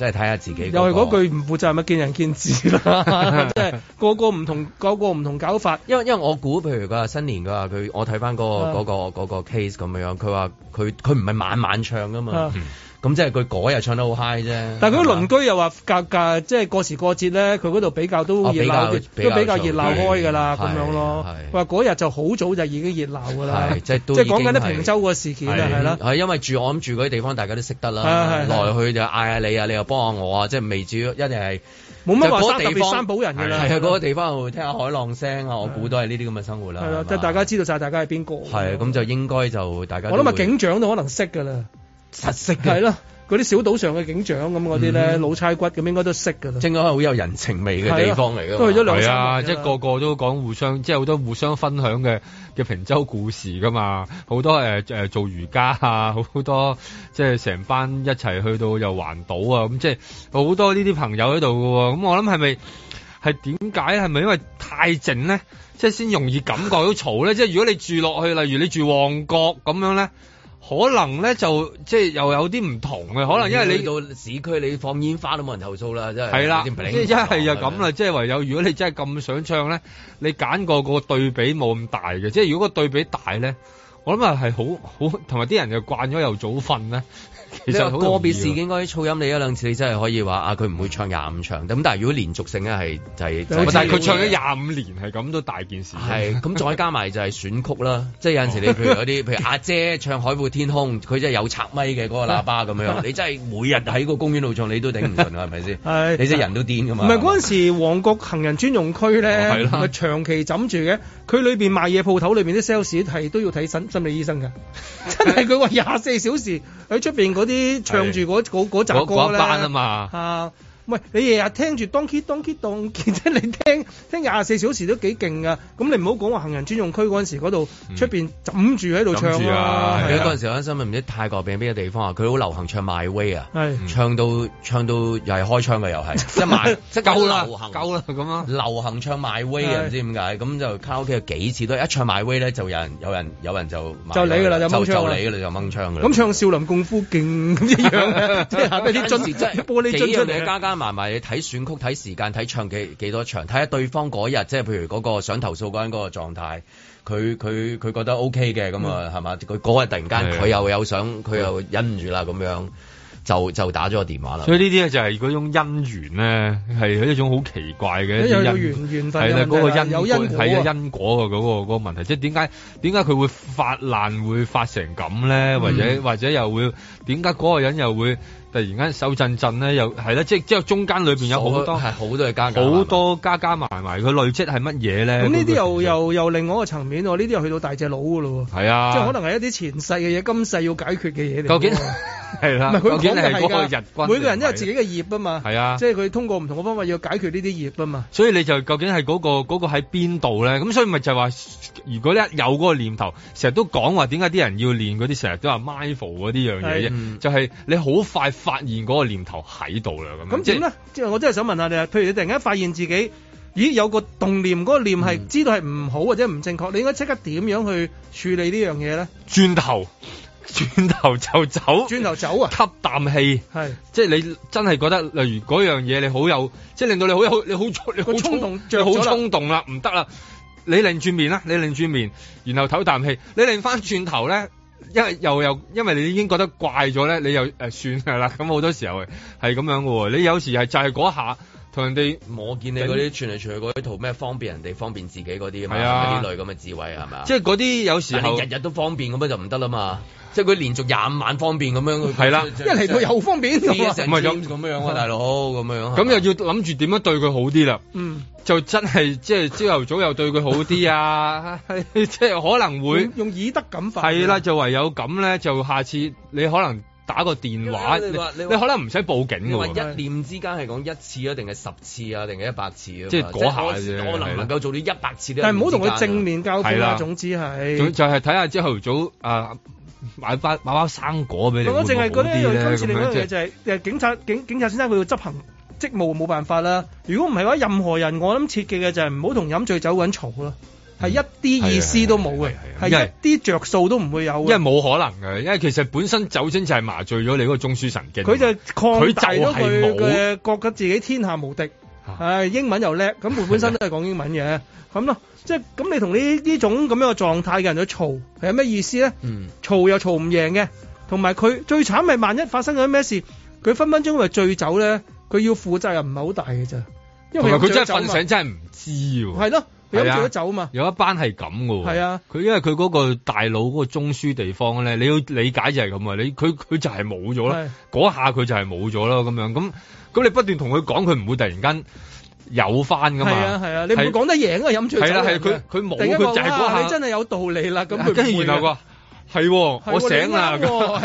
即係睇下自己、那個，又係嗰句唔
負責，任乜見仁見智啦。即 係個個唔同，個個唔同搞法。
因為因為我估，譬如佢話新年的，佢話佢，我睇翻、那個、啊那個、那個那個 case 咁樣樣，佢話佢佢唔係晚晚唱噶嘛？啊嗯咁即係佢嗰日唱得好 high 啫，但係
佢啲鄰居又話，隔格即係過時過節咧，佢嗰度比較都熱鬧，啊，都比較熱鬧開噶啦，咁樣咯。話嗰日就好早就已經熱鬧噶啦，即係講緊啲平洲個事件係啦。
係因為住我諗住嗰啲地，地方，大家都識得啦，來去就嗌下你啊，你又幫下我啊，即係未住一定係冇乜話山地方山保人嘅啦。係啊，嗰，嗰個地方我會聽下海浪聲啊，我估都係呢啲咁嘅生活啦。即大
家知道晒大家係邊個。
係咁就應該就大家。我諗啊，警
長都可能識噶啦。實食係咯，嗰啲小島上嘅警長咁嗰啲咧，mm -hmm. 老差骨咁應該都識噶啦，正係好有人情味嘅地方嚟咯。都去咗兩三次，即係個
個都講互相，即係好多互相分享嘅嘅平洲故事噶嘛。好多、呃呃、做瑜伽啊，好多即係成班一齊去到又環島啊，咁即係好多呢啲朋友喺度喎。咁我諗係咪係點解係咪因為太靜咧，即係先容易感覺到嘈咧？ 即係如果你住落去，例如你住旺角咁樣咧。可能咧就即係又有啲唔同嘅，可能因為你到
市區你放煙花都冇人投訴啦，真係。係啦，即係一係就咁
啦，即係唯有。如果你真係咁想唱咧，你揀個個對比冇咁大嘅，即係如果個對比大咧。我諗啊係好好，同埋啲人又慣咗又早瞓咧。其實個別事件嗰啲噪音你一兩次你真係可以話啊，佢
唔會唱廿五場。咁但係如果連續性咧係就係、係，但係佢唱咗廿
五年係咁都大
件事。係咁再加埋就係選曲啦， 即係有陣時你譬如有啲譬如阿姐唱《海闊天空》，佢真係有插咪嘅嗰個喇叭咁樣， 你真係每日喺個公園度唱你都頂唔順，係咪先？ 係你真人都癲㗎嘛？唔係嗰陣
時旺角行人專用區咧，係、哦、啦，係咪長期枕住嘅，佢裏邊賣嘢鋪頭裏邊啲 sales 係都要睇心理醫生㗎， 真係佢話廿四小時喺出邊嗰啲唱住嗰嗰嗰集歌咧，嗰一班㗎嘛。喂，你日日聽住 Donkey Donkey Donkey，即你聽聽廿四小時都幾勁㗎。咁你唔好講話行人專用區嗰陣時嗰度出面枕住喺度唱啊。你嗰陣
時嗰陣新聞唔知泰國定邊個地方啊？佢好流行唱 My Way 啊，嗯、唱到唱到又係開槍嘅又係， 即賣即係夠啦，夠啦咁啊。流行唱 My Way 唔、啊、知點解咁，就卡拉 OK 幾次都係一唱 My Way 咧就有人有人有人就買就你噶啦就就你㗎就掹槍咁
唱少林功夫勁咁樣， 即係啲樽即係玻璃樽出嚟
加埋埋你睇選曲、睇時間、睇唱幾幾多場，睇下對方嗰日，即係譬如嗰個想投訴嗰個狀態，佢佢佢覺得 OK 嘅咁啊，係、嗯、嘛？佢嗰日突然間佢又有想，佢、嗯、又忍唔住啦，咁樣就就打咗個電話啦。所以呢
啲咧就係嗰種姻緣咧，係一種好奇怪嘅因緣緣分，嗰個因係係因果啊嗰個嗰個問題，即係點解點解佢會發爛會發成咁咧？或、嗯、者或者又會點解嗰個人又會？突然間手震震咧，又係啦，即係即係中間裏邊有好多係好多嘅加，加，好多加加埋埋，佢累積係乜嘢咧？咁呢啲又
又又另外一個層面喎，呢啲又去到大隻佬噶咯，係啊，
即係可能
係一啲前世嘅嘢，今世要解決嘅嘢。究竟係
啦，唔係佢係嗰個日君，每個人都有自
己嘅業啊嘛，
係啊，
即係
佢通過唔同嘅方法要解決呢啲業啊嘛。
所以你就究竟係嗰、嗰個、嗰個喺邊度咧？咁所以咪就係話，如果一有嗰個念頭，成日都講話點解啲人要練嗰啲，成日都話 mindful 嗰啲樣嘢啫，就係、係、你好快。發現嗰個念頭喺度啦，咁咁點咧？
即係我真係想問下你，譬如你突然間發現自己，咦有個動念，嗰個念係知道係唔好或者唔正確，你應該即刻點樣去處理呢樣嘢咧？轉頭，轉頭就走，轉頭走啊！吸啖氣，係即係你真係覺得例如嗰
樣嘢你好有，即係令到你，你好有你好你好衝、嗰個衝動最好衝動啦，唔得啦！你擰轉面啦，你擰轉面，然後唞啖氣，你擰翻轉頭咧。因為又又因為你已經覺得怪咗咧，你又誒、呃、算係啦。咁好多時候係係咁樣嘅喎。你有時係就係嗰一下。同人哋，我見你嗰啲
傳嚟傳去嗰啲圖咩方便人哋方便自己嗰啲啊，呢類咁嘅智慧係嘛？即係嗰啲有時係日日都方便咁樣就唔得啦嘛。即係佢連
續廿五晚方便咁樣，係啦、啊，一嚟佢又
方便，成點咁樣、啊、大
佬咁、啊、樣。咁又要諗住點樣對佢好啲啦嗯，就真係即係朝頭早又對佢好啲啊，即 係 可能會用，
用以德感化。係啦、啊，
就唯有咁咧，就下次你可能。打個電話，你，你，你可能唔使報警。你話一
念之間係
講一次啊，定係十次啊，定係一百次啊？即係嗰下。我我能能夠做到一百次，但係唔好
同佢正面交戰。啦，總
之係。
就係睇下朝頭早啊，買翻買翻生果俾你。我淨係嗰啲，今次另一樣嘢就係、是就是、警
察警警察先生佢要執行職務，冇辦法啦。如果唔係嘅話，任何人我諗設計嘅就係唔好同飲醉酒嗰陣嘈咯。係一啲意思都冇嘅。係一啲着數都唔會
有嘅，因為冇可能嘅。因為其實本身酒精就係麻醉咗你嗰個中樞神經。佢就抗佢制咗佢嘅，
覺得自己天下無敵。唉、啊，英文又叻，咁佢本身都係講英文嘅，咁咯。即係咁，你同呢呢種咁樣嘅狀態嘅人去嘈，係有咩意思咧？嘈、嗯、又嘈唔贏嘅。同埋佢最慘係，萬一發生咗咩事，佢分分鐘咪醉酒咧。佢要負責任唔係好大嘅啫。同埋佢真係瞓醒真，真
係唔知喎。
係咯。飲咗酒
啊，有一班係咁啊。佢、啊、因為佢嗰個大腦嗰個中樞地方咧，你要理解就係咁啊，啊，啊，啊，啊，你佢佢就係冇咗啦，嗰下佢就係冇咗啦，咁樣咁咁你不斷同佢講，佢唔會突然間有翻噶嘛，係啊係啊，你唔講
得贏啊飲醉，係啦係佢佢冇佢就係嗰下，真係有道理啦，咁佢、啊。啊
係、啊啊，我醒啦，係喎，啊，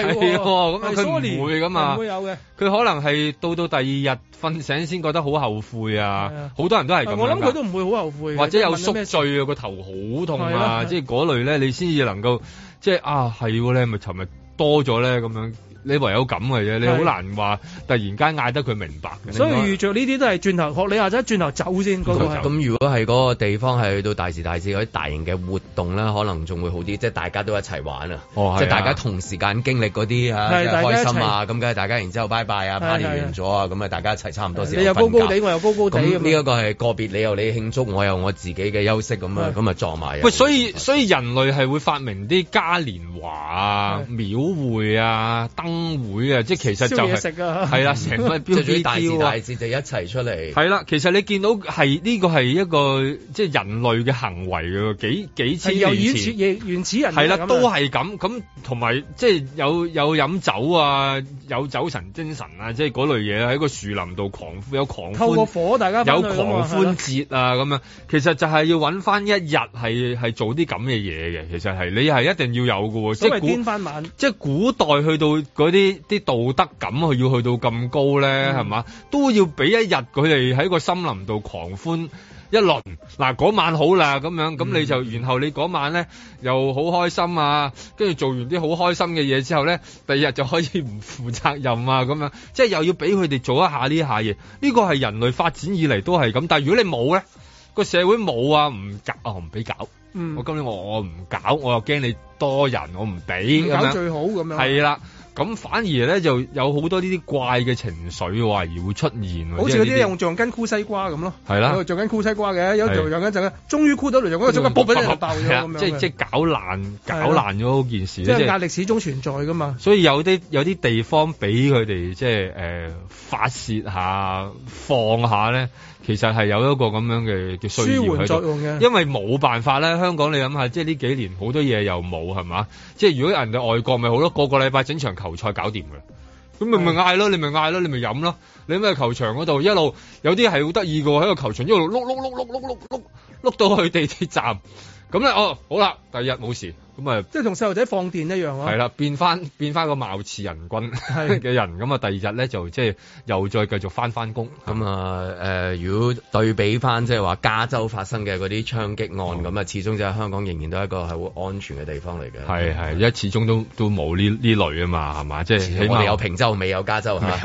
咁佢唔會噶嘛，佢可能係到到第二日瞓醒先覺得好後悔啊，好，啊、多人都係咁，我諗佢都
唔會好後悔，或者有宿醉
啊，個頭好痛啊，啊啊即係嗰類咧，你先至能夠即係啊，係你係咪尋日多咗咧咁樣。你唯有咁嘅啫，你好難話突然間嗌得佢明白。所以遇
着呢啲都係
轉頭學你話者，轉頭走先。咁、那、咁、
個、如果係嗰個地方係去到大時大節嗰啲大型嘅活動咧，可能仲會好啲，即係大家都一齊玩啊、哦，即係大家同時間經歷嗰啲啊，開心啊，咁梗係大家然之後拜拜啊，party 完咗啊，咁啊大家一齊差唔多時間。你又高高哋，我又高高哋。呢一個係個別理由，你有你慶祝，我我有我自己嘅休息咁啊，咁啊撞埋。
所
以所以人類係會發明啲嘉年華啊、廟會啊、燈會啊！即係其實就係係啦，成個標大時大節就
一
齊出嚟。係
啦，其實你見到係呢、這個係一個即係人類嘅行為嘅幾幾千年前原始
原始人係啦，都係
咁咁同埋即係有有飲酒啊，有酒神精神啊，即係嗰類嘢喺個樹林度狂有狂歡。透過火大家有狂歡節啊咁樣，其實就係要揾翻一日係係做啲咁嘅嘢嘅。其實係你係一定要有嘅。即係古
即係古
代去到。嗰啲啲道德感佢要去到咁高咧，係、嗯、嘛都要俾一日佢哋喺個森林度狂歡一輪。嗱、啊，嗰晚好啦，咁樣咁你就、嗯，然後你嗰晚咧又好開心啊，跟住做完啲好開心嘅嘢之後咧，第二日就可以唔負責任啊，咁樣即係又要俾佢哋做一下呢下嘢。呢個係人類發展以嚟都係咁。但係如果你冇咧，個社會冇啊，唔搞啊，唔俾搞、嗯。我今年我我唔搞，我又驚你多人，我唔俾搞最好咁樣係啦。咁反而咧就有好多呢啲怪嘅情緒，話而會出現。好似嗰啲用
橡筋箍西瓜咁咯，係啦、啊，用橡筋箍西瓜嘅、啊，有做橡筋就係終於箍到嚟，就嗰個橡筋爆咗，爆咗咁樣。即即
搞爛、啊，搞爛咗件事，即係壓
力始終存在噶嘛。
所以有啲有啲地方俾佢哋即係、呃、發泄下放下咧，其實係有一個咁樣嘅舒緩作用嘅。因為冇辦法咧，香港你諗下，即係呢幾年好多嘢又冇係嘛。即係如果人哋外國咪好囉，多個個禮拜整場球賽搞掂噶啦，咁咪咪嗌咯，你咪嗌咯，你咪飲咯，你喺個球場嗰度一路有啲係好得意噶喎，喺個球場一路碌碌碌
碌碌碌碌
碌到去地鐵站，咁咧哦好啦，第二日冇事。咁啊，即係同細路仔放電一樣咯。係啦，變翻變翻個貌似人君嘅人。咁啊，第二日咧就即係、就是、又再繼續翻翻工。咁啊、呃，如果對比翻即係話加州發生嘅嗰啲槍擊案，咁、嗯、啊，
始終就係香港仍然都係一個係好安全嘅地方嚟嘅。
係係，因為始終都都冇呢呢類啊嘛，係嘛，
即、就、係、是、起碼有平洲，未有加州。咪？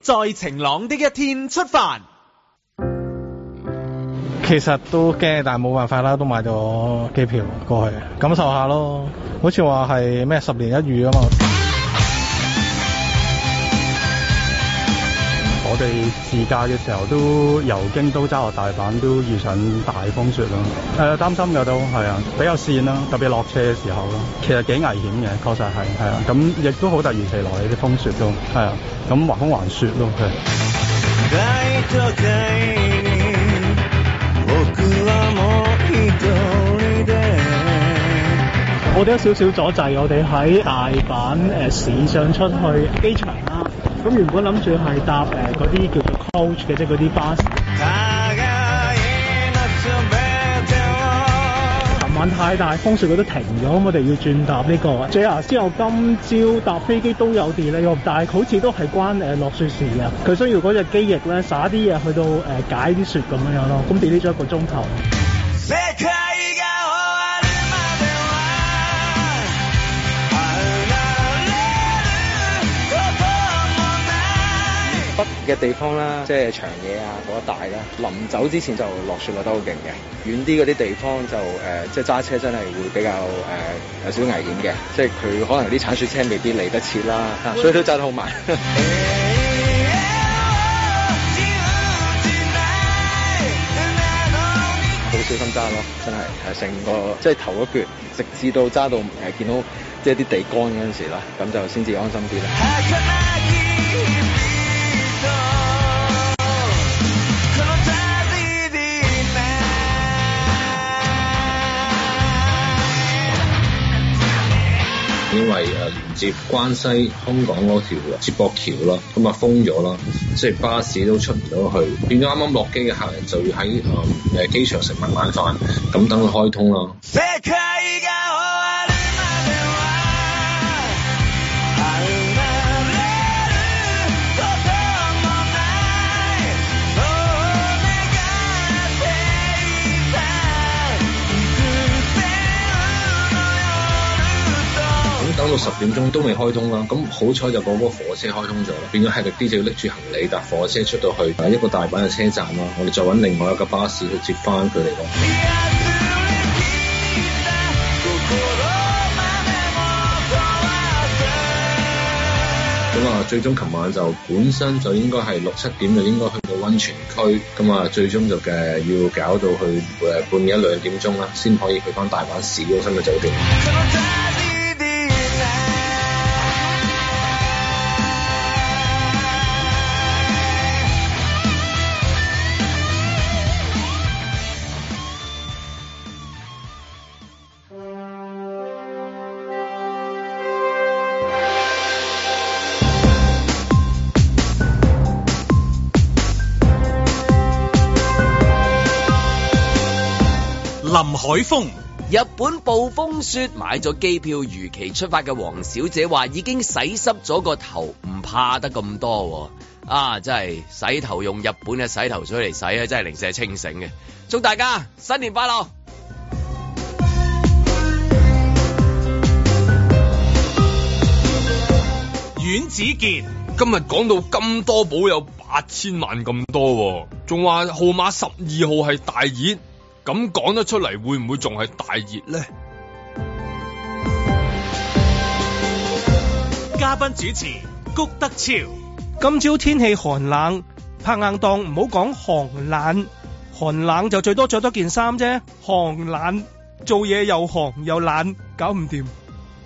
在晴朗的一天出發。
其實都驚，但係冇辦法啦，都買咗機票過去感受一下咯。好似話係咩十年一遇啊嘛。 我哋自駕
嘅時候都由京都揸落大阪，都遇上大風雪咯。誒、呃，擔心嘅都係啊，比較跣啦，特別落車嘅時候咯。其實幾危險嘅，確實係係啊。咁、 嗯、亦都好突然嚟來，啲風雪都係啊。咁橫風橫雪咯，係。
我哋有少少阻滯，我哋喺大阪誒市上出去機場啦。咁原本諗住係搭誒嗰啲叫做 coach 嘅啫，嗰啲巴士。琴晚太大風雪，佢都停咗，咁我哋要轉搭呢、這個。JR 之後，今朝搭飛機都有 delay，但係好似都係關誒落雪事嘅。佢需要嗰隻機翼咧，灑啲嘢去到誒解啲雪咁樣樣咯。咁 delay 咗一個鐘頭。
北嘅地方啦，即係
長野啊嗰一帶啦。臨走之前就落雪落得好勁嘅，遠啲嗰啲地方就誒，即係揸車真係會比較誒、呃，有少少危險嘅，即
係佢可能啲鏟雪
車未必嚟得切啦，所以都揸得好慢。 小心揸咯，真係係成個即係頭一橛，直至到揸到誒見到即係啲地乾嗰陣時啦，咁就先至安心啲啦。
因為誒連接關
西空港嗰條接駁橋啦，咁啊封咗啦，即係巴士都出唔到去，變咗啱啱落機嘅客人就要喺誒、嗯、機場食埋晚飯，咁等佢開通咯。等到十點鐘都未開通啦，咁好彩就嗰個火車開通咗啦，變咗喺度啲就要拎住行李搭火車出到去啊一個大阪嘅車站啦，我哋再揾另外一個巴士去接翻佢哋囉。咁啊，最終琴晚就本身就應該係六七點就應該去到溫泉區，咁啊最終就嘅要搞到去誒半夜一兩點鐘啦，先可以去翻大阪市中心嘅酒店。
海風，
日本暴風雪買咗機票如期出發嘅黃小姐話已經洗濕咗個頭，唔怕得咁多啊！真係洗頭用日本嘅洗頭水嚟洗啊，真係零舍清醒嘅，祝大家新年快樂。
阮子健，今日講到金多寶有八千萬咁多，仲話號碼十二號係大熱。咁講得出嚟，會唔會仲係大熱呢？
嘉賓主持谷德昭，
今朝天氣寒冷，拍硬檔唔好講寒冷，寒冷就最多着多件衫啫。寒冷做嘢又寒又冷，搞唔掂。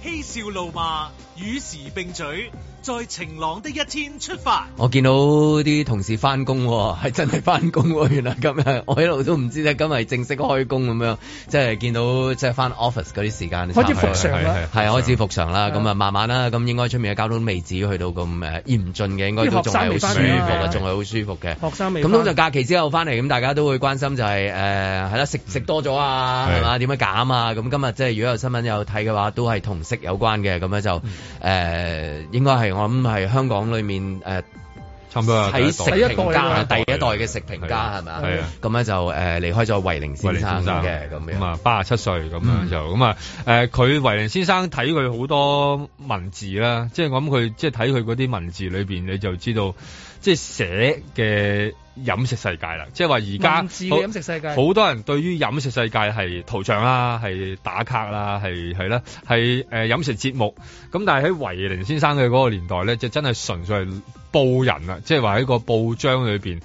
嬉笑怒罵，與時並
嘴。在晴朗的一天出發。我見到啲同事翻工喎，係真係翻工喎。原來今日我一路都唔知咧，今日正式開工咁樣，即係見到即係翻 office 嗰啲時間開始復常啦，係開始復常啦。咁啊，慢慢啦，咁應該出面嘅交通都未至於去到咁嚴峻嘅，應該都仲係好舒服，仲係好舒服嘅。學生未翻嚟。咁通常假期之後翻嚟，咁大家都會關心就係誒係啦，食、呃、食多咗啊，係嘛？點樣減啊？咁今日即係如果有新聞有睇嘅話，都係同食有關嘅。咁樣就、嗯呃、應該係。我諗係香港裏面誒、呃，差唔多係食評家第一代嘅食評家係咪？係啊，
咁咧就誒、呃、離開咗維寧先生嘅，咁啊，八十七歲咁樣就咁啊誒，佢維寧先生睇佢好多文字啦，即係我諗佢即係睇佢嗰啲文字裏面，你就知道即係、就是、寫嘅。飲食世界啦，即係話而家文字嘅飲食世界，好多人對於飲食世界係圖像啦，係打卡啦，係係啦，係、呃、飲食節目。咁但係喺維靈先生嘅嗰個年代咧，就真係純粹係報人啦，即係話喺個報章裏面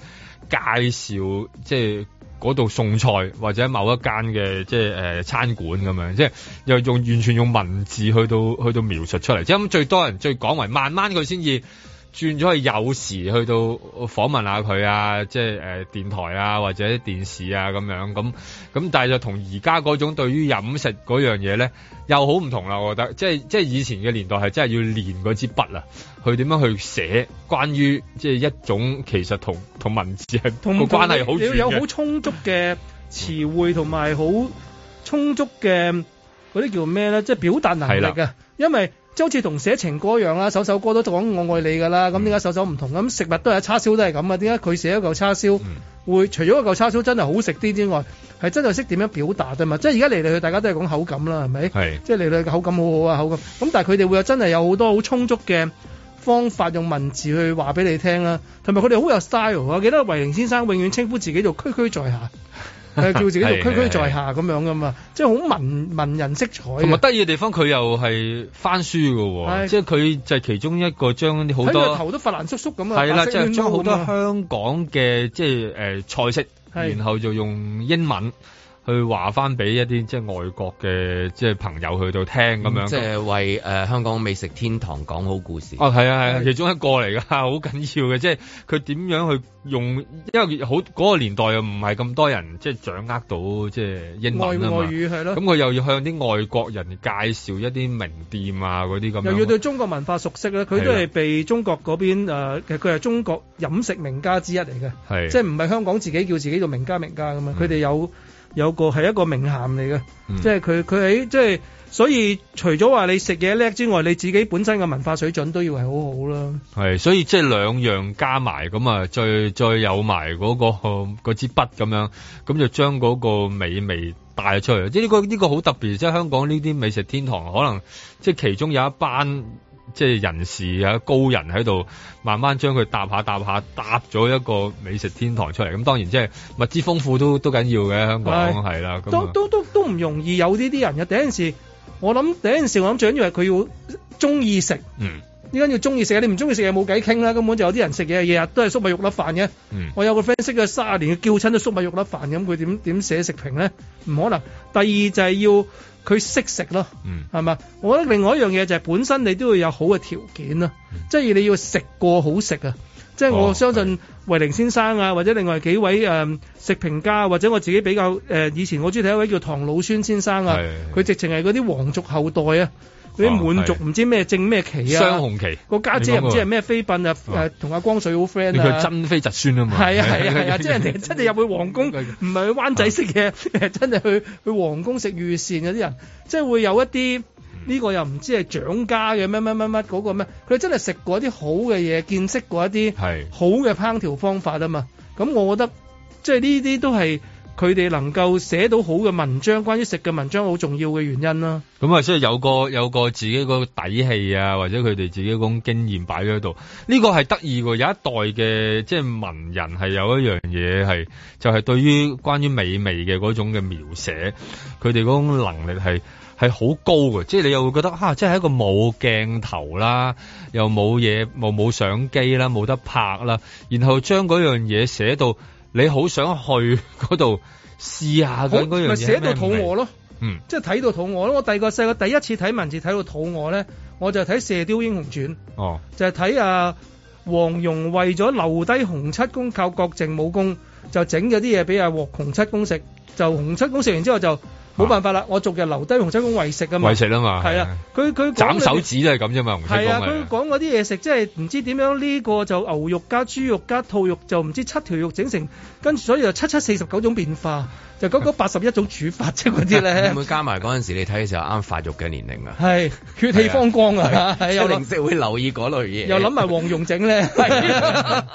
介紹，即係嗰度餸菜或者某一間嘅即係餐館咁樣，即係又用完全用文字去到去到描述出嚟。即係咁，最多人最講為慢慢佢先至。轉咗去有時去到訪問下佢啊，即係誒、呃、電台啊或者電視啊咁樣咁咁，但係就同而家嗰種對於飲食嗰樣嘢咧，又好唔同啦。我覺得即係即係以前嘅年代係真係要練嗰支筆啊，去點樣去寫關於即係一種其實同同文字
係個關係好重要嘅，要有好
充足嘅詞彙同埋好充足嘅嗰啲叫咩咧？即、就、係、是、表達能力嘅、啊，因為。就好似同寫情歌一樣啦，首首歌都講我愛你㗎啦。咁點解首首唔同咁、嗯、食物都係叉燒都係咁啊？點解佢寫一嚿叉燒、嗯、會除咗一嚿叉燒真係好食啲之外，係真係識點樣表達㗎嘛？即係而家嚟嚟去去大家都係講口感啦，係咪？係即係嚟嚟去，口感好好啊，口感咁，但係佢哋會有真係有好多好充足嘅方法用文字去話俾你聽啦，同埋佢哋好有 style。我記得維寧先生永遠稱呼自己做區區在下。.
佢係 叫自己區區在下
咁 樣噶嘛，即係好文文人色彩。同埋
得意嘅地方，佢又係翻書噶喎，即係佢就係其中一個將啲好多頭
都發爛縮縮咁樣，係啦，即係將好多香
港嘅即係誒菜式，然後就用英文。去話翻俾一啲即係外國嘅即係朋友去到聽咁樣，即係為誒、呃、香港美食天堂講好故事。哦，係啊係啊，其中一個嚟噶，好緊要嘅。即係佢點樣去用，因為好嗰、嗰個年代又唔係咁多人即係掌握到即係英文嘛。外語係咯。咁佢又要向啲外國人介紹一啲名店啊嗰啲咁。又要對
中國文化熟悉咧，佢都係被中國嗰邊其實佢係中國飲食名家之一嚟嘅。即係唔係香港自己叫自己做名家名家咁啊？佢、嗯、哋有。有個係一個名銜嚟嘅，即係佢佢喺即係，所以除咗話你食嘢叻之外，你自己本身嘅文化水準都要係好好啦。
係，所以即係兩樣加埋咁啊，再再有埋、那、嗰個嗰支筆咁樣，咁就將嗰個美味帶出嚟。即係、這、呢個呢、這個好特別，即係香港呢啲美食天堂，可能即係其中有一班。即係人士啊，高人喺度，慢慢將佢搭下搭下，搭咗一個美食天堂出嚟。咁當然，即係物資豐富都都緊要嘅，香港係啦。都都
都都唔容易有呢啲人嘅。第一陣時，我諗第一陣時，我諗最重要係佢要中意食。嗯。點解要中意食啊？你唔中意食嘢冇計傾，冇偈傾啦。根本就有啲人食嘢日日都係粟米肉粒飯嘅、嗯。我有個 friend 識咗卅年，叫親都叫粟米肉粒飯咁，佢點點寫食評咧？唔可能。第二就係要佢識食咯，係、嗯、嘛？我覺得另外一樣嘢就係本身你都要有好嘅條件咯、嗯。即係你要食過好食啊！即係我相信、哦、唯靈先生啊，或者另外幾位、嗯、食評家，或者我自己比較、呃、以前我中意睇一位叫唐魯孫先生啊，佢直情係嗰啲皇族後代啊。你、哦、滿族唔知咩正咩旗啊？雙紅
旗個家姐又唔知係咩
妃嬪啊？同阿光緒好 friend 啊？呢真
妃侄孫啊嘛！係啊係啊係啊！即係、啊啊 啊啊啊、 人哋
真係入去皇宮，唔係去灣仔食嘅、啊，真係去去皇宮食御膳。嗰啲人即係會有一啲呢、嗯呢個又唔知係蔣家嘅咩咩咩乜嗰個咩？佢真係食過一啲好嘅嘢，見識過一啲好嘅烹調方法啊嘛！咁、啊、我覺得即係呢啲都係。佢哋能夠寫到好嘅文章，關於食嘅文章好重要嘅原因啦。
咁啊，所以有個有個自己個底氣啊，或者佢哋自己嗰種經驗擺咗喺度，呢個係得意嘅。有一代嘅即係文人係有一樣嘢係，就係對於關於美味嘅嗰種嘅描寫，佢哋嗰種能力係係好高嘅。即係你又會覺得，吓、啊，即係一個冇鏡頭啦，又冇嘢冇冇相機啦，冇得拍啦，然後將嗰樣嘢寫到。你好想去嗰度
試下嗰樣嘢，咪寫到肚餓咯，嗯，即係睇到肚餓咯。我第二個細個第一次睇文字睇到肚餓咧，我就睇《射雕英雄傳》，哦、就係睇阿黃蓉為咗留低洪七公靠郭靖武功，就整咗啲嘢俾阿霍洪七公食，就洪七公食完之後就。冇辦法啦，我逐日留低洪七公為食啊嘛，為食啊嘛，係啊，佢佢斬手
指都係咁啫嘛，洪七公係啊，佢
講嗰啲嘢食，即係唔知點樣呢個就牛肉加豬肉加兔肉，就唔知七條肉整成，跟住所以就七七四十九種變化。就九九八十一種煮法啫，嗰啲咧， 會唔會
加埋嗰陣時你睇嘅時候啱發育嘅年齡啊？
係 血氣方剛 啊！係有、啊啊啊就是、零
食會留意嗰類嘢，又諗埋黃蓉整咧。
咁 是、啊、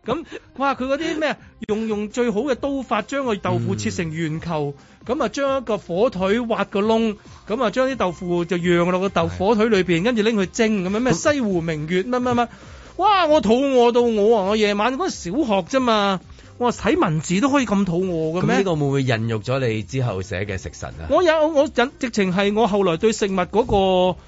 哇，佢嗰啲咩用用最好嘅刀法將個豆腐切成圓球，咁、嗯、啊將一個火腿挖個窿，咁 啊將啲豆腐就揚落個豆火腿裏邊，跟住拎去蒸，咁樣咩西湖明月乜乜乜？哇！我肚餓到我啊，我夜晚嗰陣、那個、小學啫嘛。我睇文字都可以咁肚餓嘅咩？咁呢個會
唔會孕育咗你之後寫嘅食神啊？我
有我直情係我後來對食物嗰個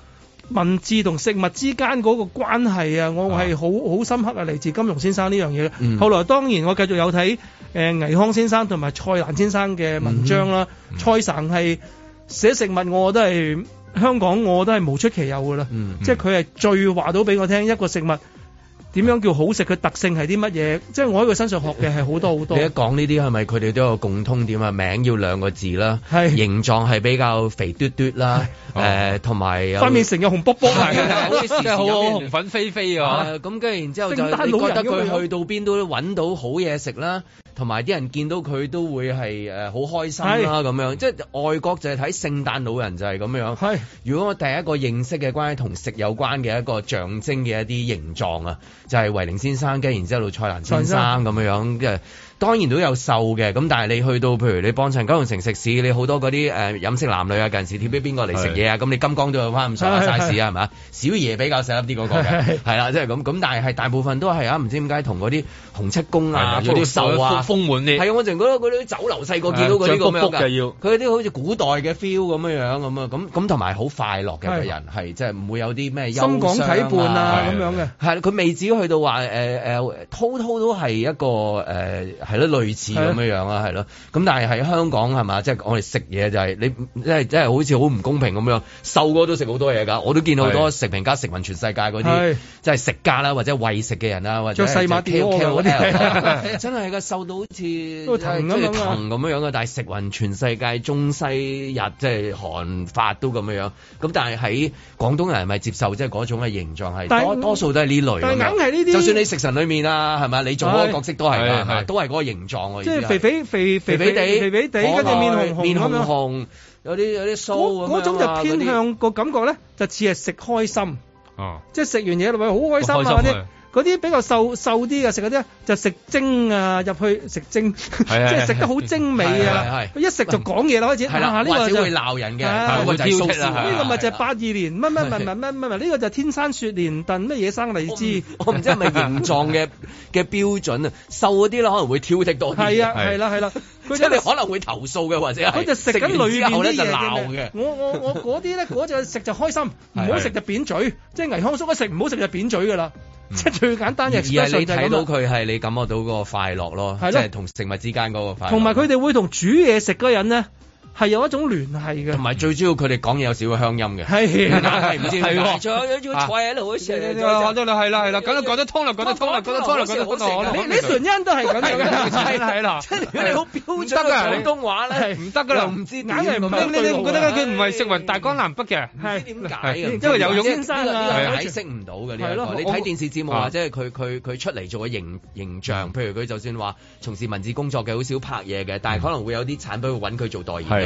文字同食物之間嗰個關係啊，我係好好深刻啊，嚟自金庸先生呢樣嘢。嗯、後來當然我繼續有睇誒倪匡先生同埋蔡瀾先生嘅文章啦、啊。嗯嗯蔡神係寫食物，我都係香港，我都係無出其右噶啦。嗯嗯即係佢係最話到俾我聽一個食物，點樣叫好食？佢特性係啲乜嘢？即係我喺佢身上學嘅係好多好多。你一
講呢啲係咪佢哋都有共通點啊？名要兩個字啦，形狀係比較肥嘟嘟啦，誒同埋有塊面
成日紅卜卜係，好似食完啲紅
粉飛飛啊！
咁跟住然之後就覺得佢去到邊都搵到好嘢食啦，同埋啲人見到佢都會係誒好開心啦咁樣。即係外國就係睇聖誕老人就係咁樣。如果我第一個認識嘅關於同食有關嘅一個象徵嘅一啲形狀啊～就係、是、維寧先生，跟然之後到蔡蘭先生咁樣樣嘅，當然都有瘦嘅。咁但係你去到譬如你幫襯九龍城食肆，你好多嗰啲誒飲食男女啊，近陣時貼俾邊個嚟食嘢啊？咁你金剛都有翻唔上下 size 啊，係咪啊？小爺比較細粒啲嗰個係啦，即係咁。咁但係係大部分都係啊，唔知點解同嗰啲。洪七公啊，有啲瘦啊，豐滿啲。係啊，我淨覺得嗰啲酒樓細個見到嗰啲咁樣，佢啲好似古代嘅 feel 咁樣樣，咁啊，咁咁同埋好快樂嘅人，係即係唔會有啲咩心廣體胖啊咁樣嘅。係，佢未至於去到話誒誒，偷偷都係一個誒係咯，類似咁樣樣啊，係咯。咁但係喺香港係嘛，即係我哋食嘢就係你即係即係好似好唔公平咁樣，瘦個都食好多嘢㗎。我都見到好多食評家食勻全世界嗰啲，即係食家啦，或者為食嘅人啊，或者
真係㗎，瘦到好似即係藤
咁樣嘅、就是，但係食勻全世界中西日即係韓法都咁樣。咁但係喺廣東人係咪接受即係嗰種嘅形狀係？但係多，多數都係呢類的。但硬呢啲，就算你食神裏面啦、啊，係咪？你做嗰個角色都係、啊、都係嗰個
形狀嘅、啊。即、就、係、是、肥肥肥肥肥肥地，肥肥地，跟住面紅紅面紅，紅，有啲有啲鬚咁嗰種就偏向個感覺咧，就似係食開心。啊、即係食完嘢咪好開心啲。嗰啲比較瘦瘦啲嘅食嗰啲就食精啊，入去食精，即係食得好精美是的是的、嗯這個、啊！一食就講嘢啦，開始。係啦，呢個會鬧人嘅，挑剔啦。呢個咪就係八二年乜乜乜乜乜乜，呢個就係天山雪蓮燉咩野生荔枝。我唔知係咪形狀嘅
嘅 標準啊？瘦嗰啲咧可能會挑剔多啲。係啊，係啦，係啦，即係你可能會投訴嘅，或者佢就食緊裏邊呢啲嘢嘅。
我我我嗰啲咧，嗰隻食就開心，唔好食就扁嘴，即係倪康叔一食唔好食就扁嘴㗎啦。即係最簡單嘅，而家你睇到佢
係你感覺到嗰個快樂咯，即係同食物之間嗰個快樂。同埋
佢哋會同煮嘢食嘅人咧。係有一種聯繫嘅，同
埋最主要佢哋講嘢有少少鄉音嘅。係， 但係唔知係
仲有仲要坐喺度好笑。係啦係啦，咁講得通啦，講得通啦，講得通啦，講得通啦。你你純音
都係咁樣嘅，係係啦，如果你好標準嘅廣東話咧，唔得㗎啦，唔知。我我覺得佢唔係食雲
大江南北嘅，唔知點解。因為有種解釋唔到嘅呢個。你睇電視
節目啊，即係佢佢佢出嚟做嘅形形象，譬如佢就算話從事文字工作嘅，好少拍嘢嘅，但係可能會有啲產品會揾佢做代言。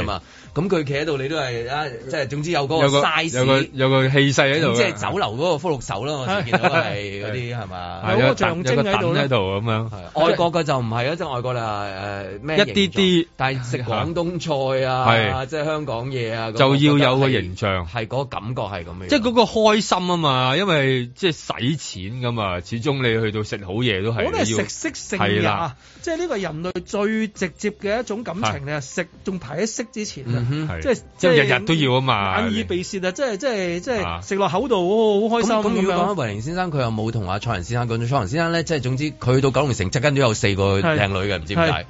咁佢企喺度，你都係啊，即係總之有嗰個 size，有個有個,
有個氣勢喺度，即係
酒樓嗰個福祿壽啦，我見到係嗰啲係嘛，有個象徵喺度，
咁樣係。外國
嘅就唔係啊，即係外國啦誒咩？一啲啲，但係食廣東菜啊，即係、啊就是、香港嘢啊，就要
有個形象，
係嗰個感覺係咁嘅，即係
嗰個開心啊嘛，因為即係使錢㗎嘛。始終你去到食好嘢都係，我哋食
色性也，即係呢個人類最直接嘅一種感情嚟食仲排喺色。
之前啊、嗯，即係即係日日都要啊嘛，眼耳
鼻舌是是是啊，即係即係即係
食落口度好開心咁。如果講阿維玲
先生，佢又冇同阿蔡仁先生講咗，蔡仁先生咧，即係總之佢去到九龍城側跟都有四個靚女嘅，唔知點解。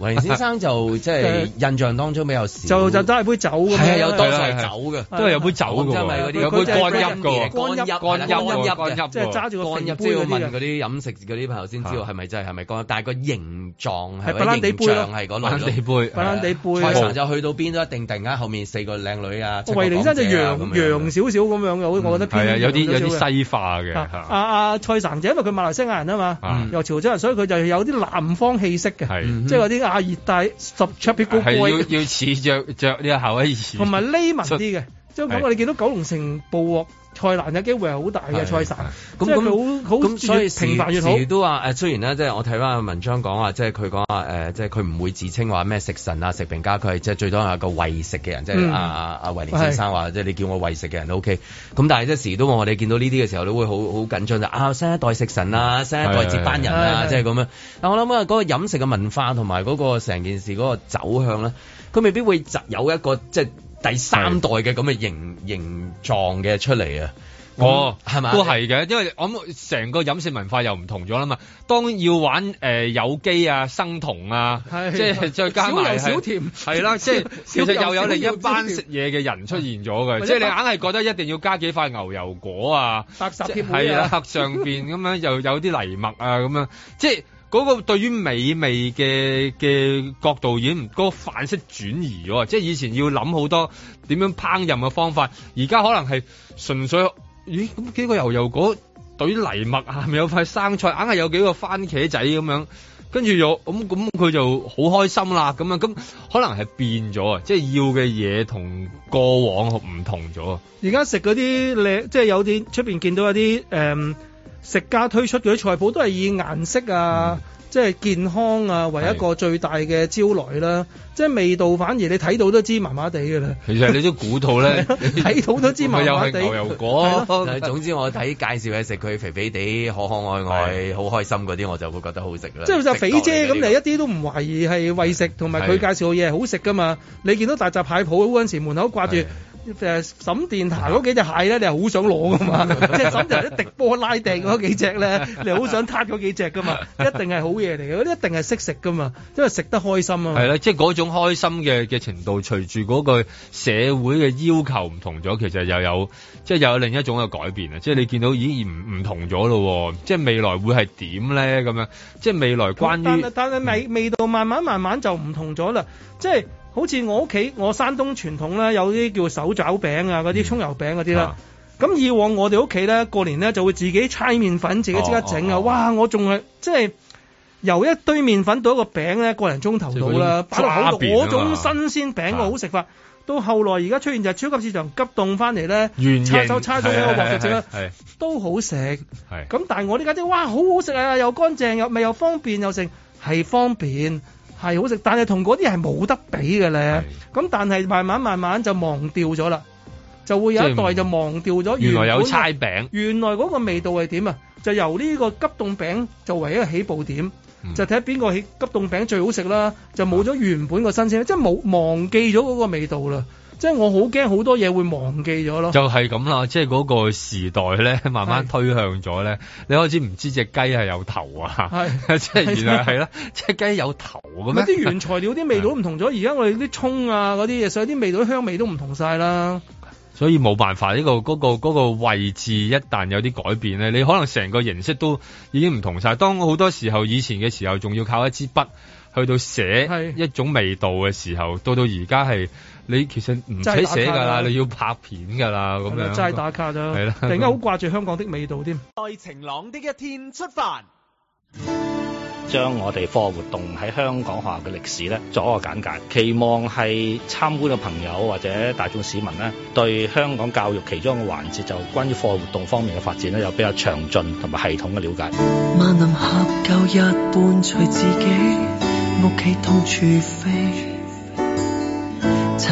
魏先生就即係印象當中比較少、啊，就就
攞杯酒，係啊，有多
係酒嘅、啊，都係有杯酒
嘅啲、啊啊，有杯乾邑嘅喎，乾邑乾邑乾，乾，乾，乾，乾，
乾，乾即係揸住個乾邑杯嗰啲。即係要問嗰啲飲食嗰啲朋友先知道係咪真係係咪乾，但係個形狀係、啊、形狀係嗰類型，乾邑杯，乾邑杯。蔡神就去到邊都一定突然間，後面
四個靚女啊。魏先生就洋洋
少少咁樣嘅，我覺得有啲西化
嘅。
阿蔡神就因為佢馬來西亞人啊嘛，又潮州人，所以佢就有啲南方氣息嘅，即係嗰啲。亞熱帶十著比個貴，係、啊、要
要似着着呢夏威夷同埋呢
紋啲嘅，即係咁。我哋見到九龍城布獲。蔡瀾嘅機會係好大嘅，蔡生，咁係好好，所以時，時，時
都話誒，雖然呢，即係我睇翻個文章講啊，即係佢講啊，誒，即係佢唔會自稱話咩食神啊、食評家，佢係即係最多係個餵食嘅人，即係阿阿阿維廉先生話，即係你叫我餵食嘅人都 OK。咁但係一時都我哋見到呢啲嘅時候都很，你會好好緊張就是、啊，新一代食神啊、新一代接班人啊，即係咁樣。但我諗啊，嗰、嗰個飲食嘅文化同埋嗰個成件事嗰、嗰個走向咧，佢未必會有一個即係。
第三代嘅咁嘅形形狀嘅出嚟啊、嗯，哦，係咪？都係嘅，因為我諗成個飲食文化又唔同咗啦嘛。當要玩誒、呃、有機啊、生酮啊，即係、就是、再加埋係，係啦，即係其實又有另一班食嘢嘅人出現咗嘅，即係、就是、你硬係覺得一定要加幾塊牛油果啊，百十片核桃上邊咁樣又有啲泥物啊咁樣，即、就是嗰、那個對於美味嘅嘅角度已經嗰、那個範式轉移喎，即係以前要諗好多點樣烹飪嘅方法，而家可能係純粹咦咁幾個油油果堆藜麥下咪有塊生菜，硬係有幾個番茄仔咁樣，跟住又咁咁佢就好開心啦咁樣，咁可能係變咗啊，即係要嘅嘢同過往唔同咗
啊！而家食嗰啲靚即係有啲出面見到一啲食家推出啲菜譜都係以顏色啊，嗯、即係健康啊為一個最大嘅招來啦。即係味道反而你睇到都知麻麻地嘅啦。
其實你都估到咧，睇
到都知麻麻地。又係牛油果，啊。 總之我
睇介紹嘅食佢肥肥地可可愛愛，好開心嗰啲我就會覺得好食啦。即係就肥姐咁你，你
一啲都唔懷疑係餵食，同埋佢介紹嘅嘢係好食噶嘛。你見到大閘蟹鋪嗰陣時門口掛住。誒沈電台嗰幾隻蟹咧，你係好想攞噶嘛？即係沈就一滴波拉地嗰幾隻咧，你好想撻嗰幾隻噶嘛？一定係好嘢嚟嘅，嗰啲一定係識食噶嘛，因為食得開心啊。係啦，
即係嗰種開心嘅嘅程度，隨住嗰個社會嘅要求唔同咗，其實又有即係又有另一種嘅改變啊！即係你見到已經唔唔同咗咯，即係未來會係點咧？咁樣即係未來關於但係
但係味味道慢慢慢慢就唔同咗啦，即係。好似我屋企，我山東傳統咧有啲叫手抓餅啊，嗰啲蔥油餅嗰啲啦。咁、啊、以往我哋屋企咧過年咧就會自己搓麵粉，自己即刻整啊、哦哦！哇，我仲係即係由一堆麵粉到一個餅咧，個零鐘頭到啦，擺落好嗰種新鮮餅個好食法，啊、到後來而家出現就係超級市場急凍翻嚟咧，搓手搓到一個鑊嚟整，都好食。咁、嗯、但係我呢家啲哇，好好食啊，又乾淨又咪又方便又食，係方便。係好食，但係同嗰啲係冇得比嘅咧。咁但係慢慢慢慢就忘掉咗啦，就會有一代就忘掉咗。原來有叉餅，原來嗰個味道係點啊？就由呢個急凍餅作為一個起步點，就睇邊個起急凍餅最好食啦。就冇咗原本個新鮮，即係冇忘記咗嗰個味道啦。即係我好驚好多嘢會忘記咗咯，就
係咁啦。即係嗰個時代咧，慢慢推向咗咧，你開始唔知隻雞係有頭啊。即係原來係啦，隻雞有頭嘅咩？啲原
材料啲味道唔同咗，而家我哋啲葱啊嗰啲嘢，所以啲味道香味都唔同晒啦。
所以冇辦法，呢個嗰個嗰個位置一旦有啲改變咧，你可能成個形式都已經唔同晒。當好多時候以前嘅時候，仲要靠一支筆去到寫一種味道嘅時候，到到而家係。你其實唔使寫㗎啦，你要拍片㗎啦，咁樣。就係打卡啫，係啦。突然間
好掛住香港的味道添。
在 晴朗的一天出發，
將我哋課外活動喺香港學校嘅歷史咧做一個簡介，期望係參觀嘅朋友或者大眾市民呢對香港教育其中一個環節就關於課外活動方面嘅發展呢，有比較詳盡同埋系統嘅了解。
萬能舊一隨自己，目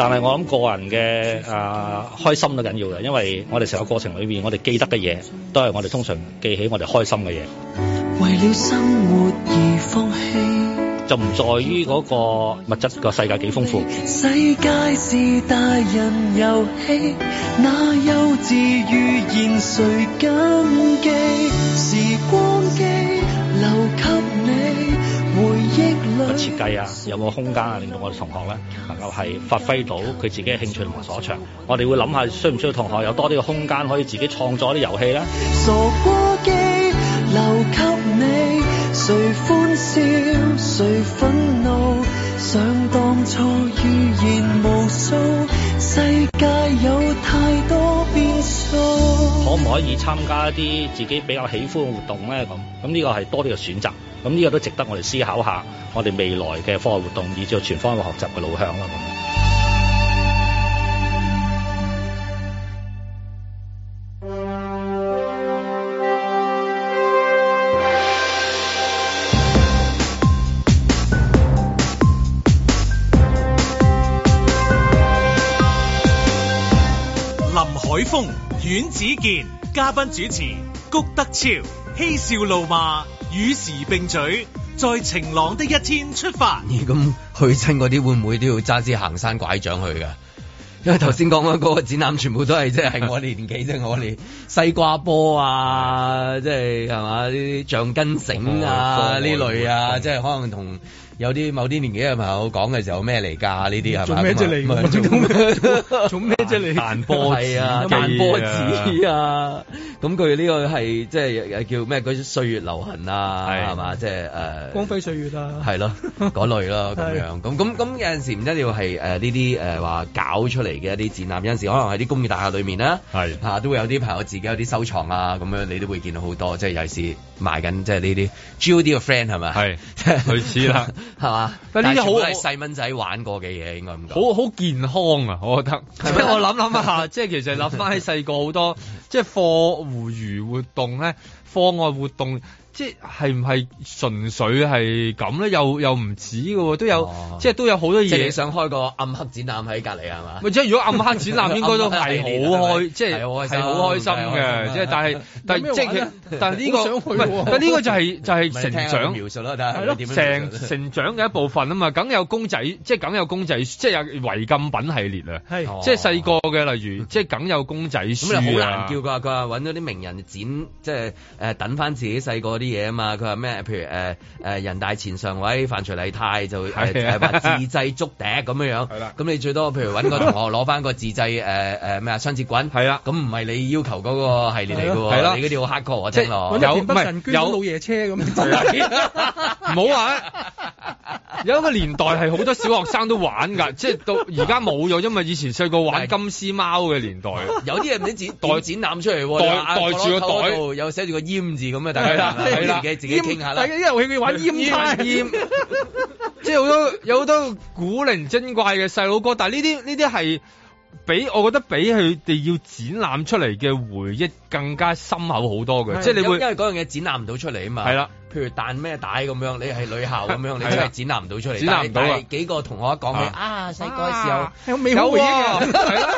但係我諗個人嘅啊開心都緊要嘅，因為我哋成個過程裏面，我哋記得嘅嘢都係我哋通常記起我哋開心嘅嘢。
為了生活而放棄，
就唔在於嗰個物質個世界幾豐
富。
設計啊，有冇空間啊，令到我哋同學咧能夠係發揮到佢自己嘅興趣同埋所長？我哋會諗下，需唔需要同學有多啲嘅空間，可以自己創作一啲遊戲咧？傻瓜想當初預言無數世界有太多變數，可唔可以參加一啲自己比較喜歡嘅活動呢？咁，咁呢個係多啲嘅選擇，咁呢個都值得我哋思考一下我哋未來嘅課外活動以至全方位學習嘅路向。
風阮子健，嘉賓主持谷德昭，嬉笑怒罵與時並舉，在晴朗的一天出發。
咁、欸、去親嗰啲會唔會都要揸支行山拐杖去噶？
因為頭先
講嗰個展覽全部都係即係我哋年紀啫， 我哋西瓜波啊，即係係嘛，呢啲橡筋繩啊呢、嗯、類啊，即、嗯、係、就是、可能同。有啲某啲年紀嘅朋友講嘅時候咩嚟㗎？呢啲係嘛？做咩啫嚟？
做咩啫嚟？彈波子係啊，彈波子
啊！
咁佢呢個係即係叫咩？嗰、那、啲、個、歲月流行啊、就是 uh, 月啊 呃呃」啊，係嘛？即係誒。
光輝歲月啦，係
咯，嗰類囉。咁樣。咁咁咁有時唔一定要係呢啲誒話搞出嚟嘅一啲展覽，有時可能喺啲工業大廈裏面啦。係都會有啲朋友自己有啲收藏啊，咁樣你都會見到好多，即係有時。埋緊即係呢啲 Judy 個 friend 係咪？係，
即係類似啦，係 嘛？但呢啲好係
細蚊仔玩過嘅嘢，應該咁講，
好好健康啊！我覺得即係 我諗諗下， 即係其實諗翻喺細個好多 即係課餘活動咧，課外活動。即係唔係純粹係咁咧？又又唔止嘅喎，都有、哦、即係都有好多嘢想
開個暗黑展覽喺隔離係
嘛？即係如果暗黑展覽應該都係好 開，即係係好開心嘅。即係但係、呢個哦、但係即但係呢個唔但係呢個就係、是、就係、是、成長描述咯。但係成成長嘅一部分啊嘛，梗有公仔，即係梗有公仔，即係有違禁品系列啊、哦。即係細個嘅例如，即係梗有公仔書好、啊嗯、難叫
佢話佢話揾咗啲名人剪，即係誒、呃、等翻自己細個啲，嘢啊嘛，佢話咩？譬如誒誒、呃，人大前常委范徐麗泰就誒係自製竹笛咁樣樣，咁、啊、你最多譬如搵個同學攞翻個自製誒誒咩啊雙節棍，係啦，咁唔係你要求嗰個系列嚟噶，係咯、啊啊？你嗰
啲好刻薄啊，
聽落有
有老爺車咁，好
有一個年代係好多小學生都玩噶， 即係到而家冇咗，因為以前細個玩金絲貓嘅年代，啊、有啲嘢唔知袋展覽出嚟，袋袋
住個袋有寫住個閹字咁嘅，大家。係自己傾下啦。依啲、這個、遊戲裏面
玩煙花煙，
即係好多有好多古靈精怪嘅細路哥。但係呢啲呢啲係比我覺得比佢哋要展覽出嚟嘅回憶更加深厚好多嘅。即係你會因為
嗰樣嘢展覽唔到出嚟啊嘛。係啦，譬如彈咩帶咁樣，你係女校咁樣，的你真係展覽唔到出嚟。展覽唔到啊！但幾個同學講嘅啊，細個時候、啊啊、有回
憶嘅，係啦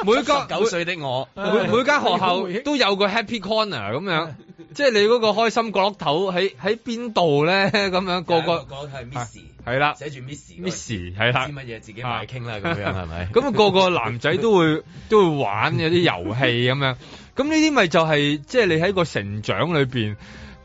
每個九歲的我，的每每間學校都有一個 happy corner 咁樣。即係你嗰個開心角落頭喺喺邊度咧咁樣個、就是、個講係 miss 係啦，寫住 miss miss 係啦，寫住 Missy, Missy，知乜
嘢自己埋傾啦咁樣係
咪？咁啊？個、個個男仔都會都會玩有啲遊戲咁樣。咁呢啲咪就係即係你喺個成長裏邊。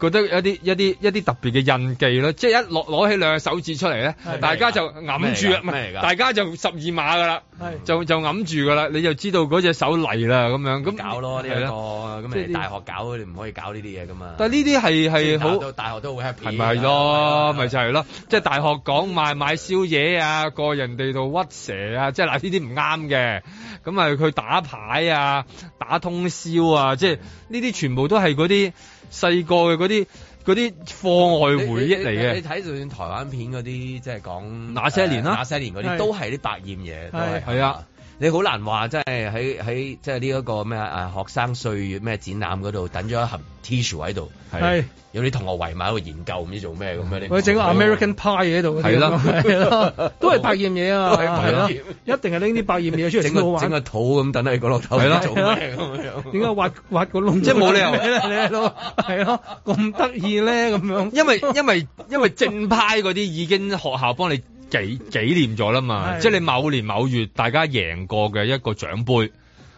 覺得一啲一啲一啲特別嘅印記咯，即係一攞攞起兩隻手指出嚟咧，大家就揞住，唔係大家就十二碼噶啦，就就揞住噶啦，你就知道嗰隻手嚟啦咁樣咁。搞咯呢個咁啊，
咁啊，你大學搞你唔可以搞呢啲嘢噶嘛。但係呢啲係係好大學都好 happy，係咪咯？
咪就係咯，即係大學講賣賣宵夜啊，過人哋度屈蛇啊，即係嗱呢啲唔啱嘅。咁啊，佢打牌啊，打通宵啊，即係呢啲全部都係嗰啲。細個嘅嗰啲嗰啲課外回憶嚟嘅，你睇
就算台灣片嗰啲，即係講、啊呃、那些年啦，那
些年嗰啲都係啲
百厭嘢，係啊。嗯你好難話，真係喺喺即係呢一個咩啊？學生歲月咩展覽嗰度等咗一盒 Tissue 喺度，係有啲同學圍埋喺度研究，唔知、嗯、做咩咁樣，你我整個 American
Pie 喺度，係啦， 都係百厭嘢啊，係一定係拎啲百厭嘢出嚟，整個整個
肚咁等喺個落頭，係咯，做咩咁
樣？點解挖挖個窿？即係冇理由， 你係咯，咁得意咧咁樣？因為 因為因為，因為
正派嗰啲已經學校幫你。記紀念咗啦嘛，即係你某年某月大家贏過嘅一個獎杯，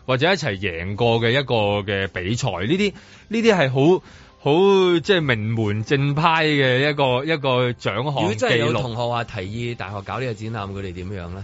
或者一齊贏過嘅一個嘅比賽，呢啲呢啲係好好即係名門正派嘅一個一個獎項記錄。如果真係有同學話提議大學搞呢個展覽，佢哋點樣咧？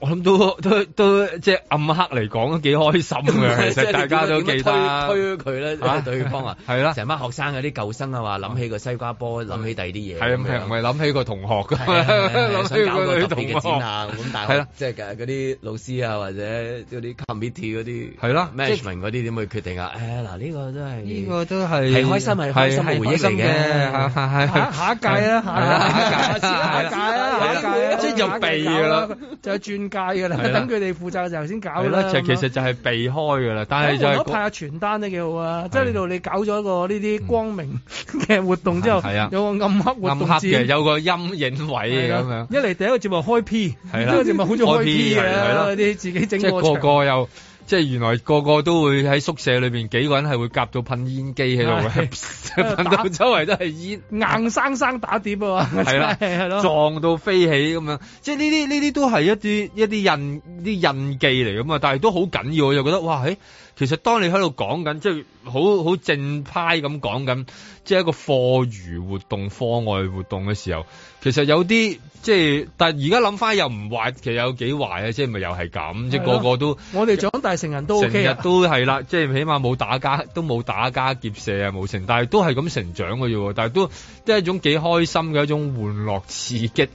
我諗都都都即係暗黑嚟講都幾開心嘅，其實大家都記得推
佢咧，對方啊，係啦，成班學生嗰啲舊生啊，話諗起個西瓜波，諗起第二啲嘢，係唔係
諗起個同學咁啊？想搞個特別嘅展啊咁，係啦，
即係誒嗰啲老師啊或者嗰啲 committee 嗰啲係咯，management 嗰啲點去決定啊？誒嗱呢
個
都係呢個都係係開心係開心嘅回憶嚟嘅，係係係下一屆啦，下一屆啦，下一屆啦，下一屆啦，即係就備噶啦，就轉。界嘅啦，等佢哋負責嘅時候先搞啦。其實
就係避開嘅啦，但係就係派下
傳單都幾好啊！即係呢度你搞咗個呢啲光明
嘅活動之後，
有個暗黑活動。暗黑嘅
有個陰影位咁
樣。一嚟第一個節目開 P，第二、這個節目好中意開 P 嘅嗰啲自己整個
又。即係原來個個都會喺宿舍裏面，幾個人係會夾到噴煙機喺度嘅，
噴 到周圍都係煙，啊，硬生生打碟啊，係啦，撞
到飛起咁樣，即係呢啲呢啲都係一啲一啲印啲印記嚟㗎嘛，但係都好緊要，我就覺得哇嘿！哎其實當你喺度講緊，即係好好正派咁講緊，即係一個課餘活動、課外活動嘅時候，其實有啲即係，但係而家諗翻又唔壞，其實有幾壞啊！即係咪又係咁，即係個個都，
我哋長大成人都其實、啊、成日
都係啦，即係起碼冇打家，都冇打家劫舍啊，冇成，但係都係咁成長嘅啫。但係都即係一種幾開心嘅一種玩樂刺激，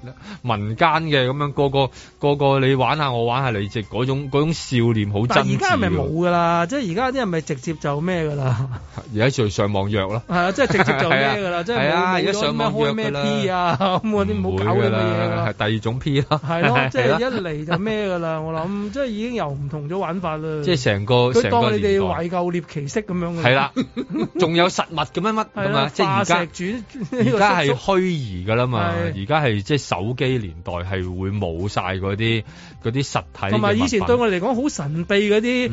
民間嘅咁樣，個個個個你玩下我玩下你，即係嗰種嗰種少年好真。但而家係咪冇噶
啦？即係而家啲人咪直接就咩㗎啦？
而家就上網約咯、 啊。
係、就係、 啊，即係直接就咩㗎啦，即係而家上網約咩開咩 P 啊咁嗰啲唔好搞嗰啲啦。換
第二種 P 啦，咯、 啊，即、就
係、一嚟就咩㗎啦， 我諗即已經又唔同咗玩法啦。即係成個當當你哋懷舊獵奇式咁樣。係啦、
啊，仲有實物咁樣乜？係 啦、啊，即係而
家而家係
虛擬㗎啦嘛，而家係即係手機年代係會冇晒嗰啲嗰啲實體。同埋以前對我
嚟講好神秘嗰啲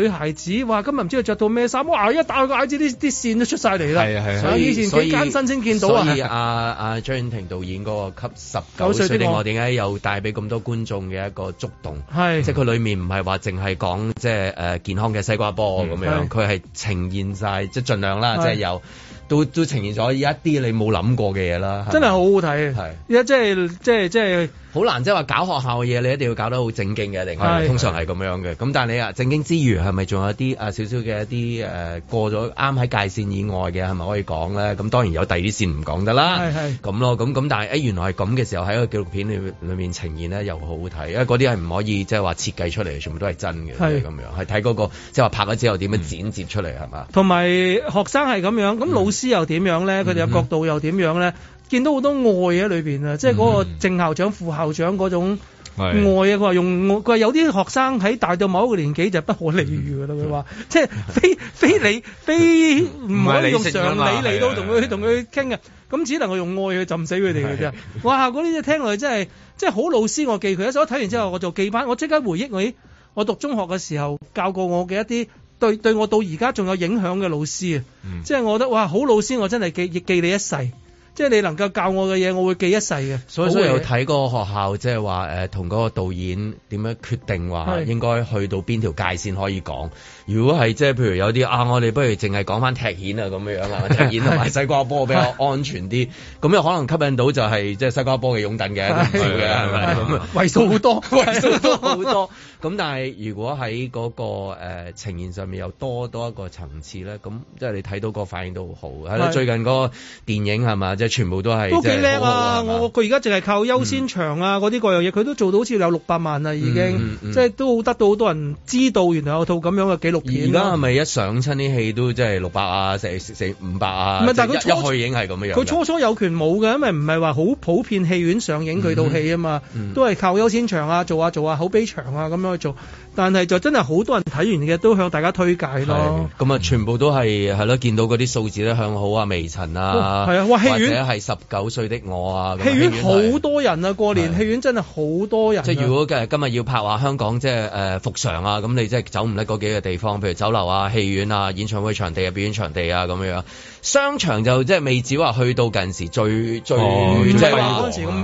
女孩、嗯。嗯牌子話今日唔知佢着到咩衫，我啊依家打個 I 字，啲啲綫都出晒嚟啦。係係，所以，以前佢艱辛先見到啊！所
以阿阿張婉婷導演嗰個吸十九歲之外，點解又帶俾咁多觀眾嘅一個觸動？係即係佢裏面唔係話淨係講即係誒健康嘅西瓜波咁樣，佢係呈現晒即係盡量啦，即係、就是、有都都呈現咗一啲你冇諗過嘅嘢啦。真係
好好睇，而家
即係即係即係。是好難即係話搞學校嘅嘢，你一定要搞得好正經嘅，定係通常係咁樣嘅。咁但係你啊，正經之餘係咪仲有啲啊少少嘅一啲誒、呃、過咗啱喺界線以外嘅係咪可以講咧？咁當然有第二啲線唔講得啦，係係咁咯，咁咁但係誒、欸、原來係咁嘅時候喺個紀錄片裏裏面呈現咧又好好睇，因為嗰啲係唔可以即係話設計出嚟，全部都係真嘅係咁樣，係睇嗰個即係話拍咗之後點樣剪接出嚟係嘛？
同、嗯、埋學生係咁樣，咁老師又點樣咧？佢哋嘅角度又點樣咧？見到好多愛喺裏邊啊，即係嗰個正校長、副校長嗰種愛啊。佢、嗯、話用佢話有啲學生喺大到某一個年紀就不可理喻噶啦。佢、嗯、話即係非、嗯、非，你非，非你理非，唔可以用常理嚟，到同佢同佢傾嘅，咁只能夠用愛去浸死佢哋嘅啫。哇！嗰啲聽落去真係即係好老師，我記佢。所以我睇完之後我就記翻，我即刻回憶起我讀中學嘅時候教過我嘅一啲對對我到而家仲有影響嘅老師啊、嗯。即係我覺得哇，好老師，我真係記記你一世。即係你能夠教我嘅嘢，我會記一世嘅。所以我有睇
嗰個學校，即係話誒，同嗰個導演點樣決定話應該去到邊條界先可以講。如果係即係譬如有啲啊，我哋不如淨係講翻踢毽啊咁樣啊，啦，踢毽同埋西瓜波比較安全啲，咁 又可能吸引到就係、是、即係西瓜波嘅擁躉嘅，係咪、嗯？為數好多，多 好素多。咁 但係如果喺嗰個誒呈現上面又多多一個層次咧，咁
即係你睇到個反應都好好嘅。喺最
近個電影係嘛，即係全部都係都幾靚啊！是
是我我佢而家淨係靠優先場啊，嗰、嗯、啲各樣嘢，佢都做到好似有六百萬啦、嗯、已經、嗯、即係都得到好多人知道，原來有套咁樣嘅紀錄。而家係咪
一上親啲戲都即係六百啊，四四五百啊，唔係、啊啊，但係佢入去影係咁樣，佢初
初有權冇嘅，因為唔係話好普遍戲院上映佢套戲啊嘛，嗯嗯、都係靠優先場啊，做啊做啊,做啊，口碑場啊咁樣去做。但係就真係好多人睇完嘅都向大家推介咯。
咁啊，全部都係係咯，見到嗰啲數字咧向好啊，微塵啊，係、哦、啊，或者係十九歲的我啊，戲院好
多人啊，過年戲院真係好多人，啊。即係如果
嘅今日要拍話香港，即係誒復常啊，咁你即係走唔甩嗰幾個地方，譬如酒樓啊、戲院啊、演唱會場地啊、表演場地啊咁樣。商場就即係未至話去到近時最、哦、最即係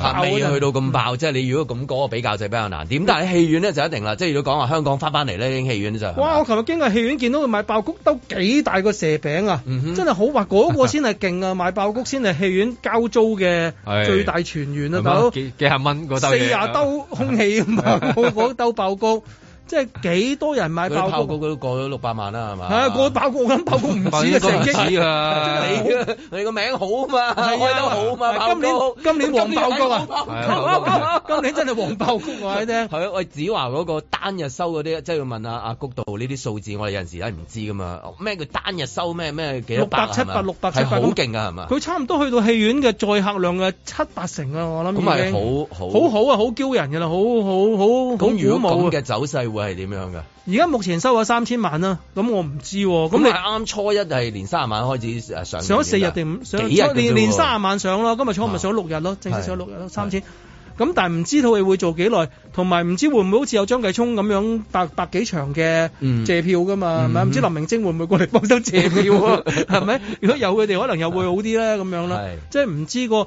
話未去到咁爆、嗯，即係你如果咁嗰個比較就比較難點。但係戲院就一定啦，即如果講話香。講翻翻嚟咧，已經戲院就
哇！我琴日經過戲院，見到佢賣爆谷，兜幾大個蛇餅啊，嗯、真係好滑，嗰、嗰個先係勁啊！賣 爆谷先係戲院交租嘅最大全員啊，大佬
幾幾啊蚊兜四啊兜
空氣啊嘛，嗰 兜爆谷。即係幾多人買爆谷？佢過
咗六百萬啦，係嘛？係
過爆谷，咁爆谷唔止啊，成、那、億、個、 啊！你個名好啊嘛，開
得好啊嘛，今年今年黃爆谷 啊，啊！今年真係黃爆谷，啊！ 睇啫。係啊，喂，子華嗰個單日收嗰啲，即係要問阿、啊、阿谷度呢啲數字。我哋有陣時係唔知噶嘛。咩叫單日收
咩咩？六百七百六百七百，好勁噶係嘛？佢差唔多去到戲院嘅載客量嘅七八成啊！我諗已經好好好好啊，好驕人噶啦，好好好。咁如果冇。嘅
走勢？會係點樣噶？
而家目前收咗三千萬啦、啊，咁我唔知、啊。咁你啱初一
係年卅晚開始上，上咗四日定
五？上幾日？年卅晚上咯，今日初五咪上咗六日咯，啊、正式上咗六日咯，三千。咁但係唔知道佢會做幾耐，同埋唔知會唔會好似有張繼聰咁樣百百幾場嘅借票噶、啊、嘛？係、嗯、咪？唔知林明晶會唔會過嚟幫手借票、啊？係、嗯、咪 是的？ 如果有佢哋，可能又會好啲咧。咁樣啦、啊，即係唔知個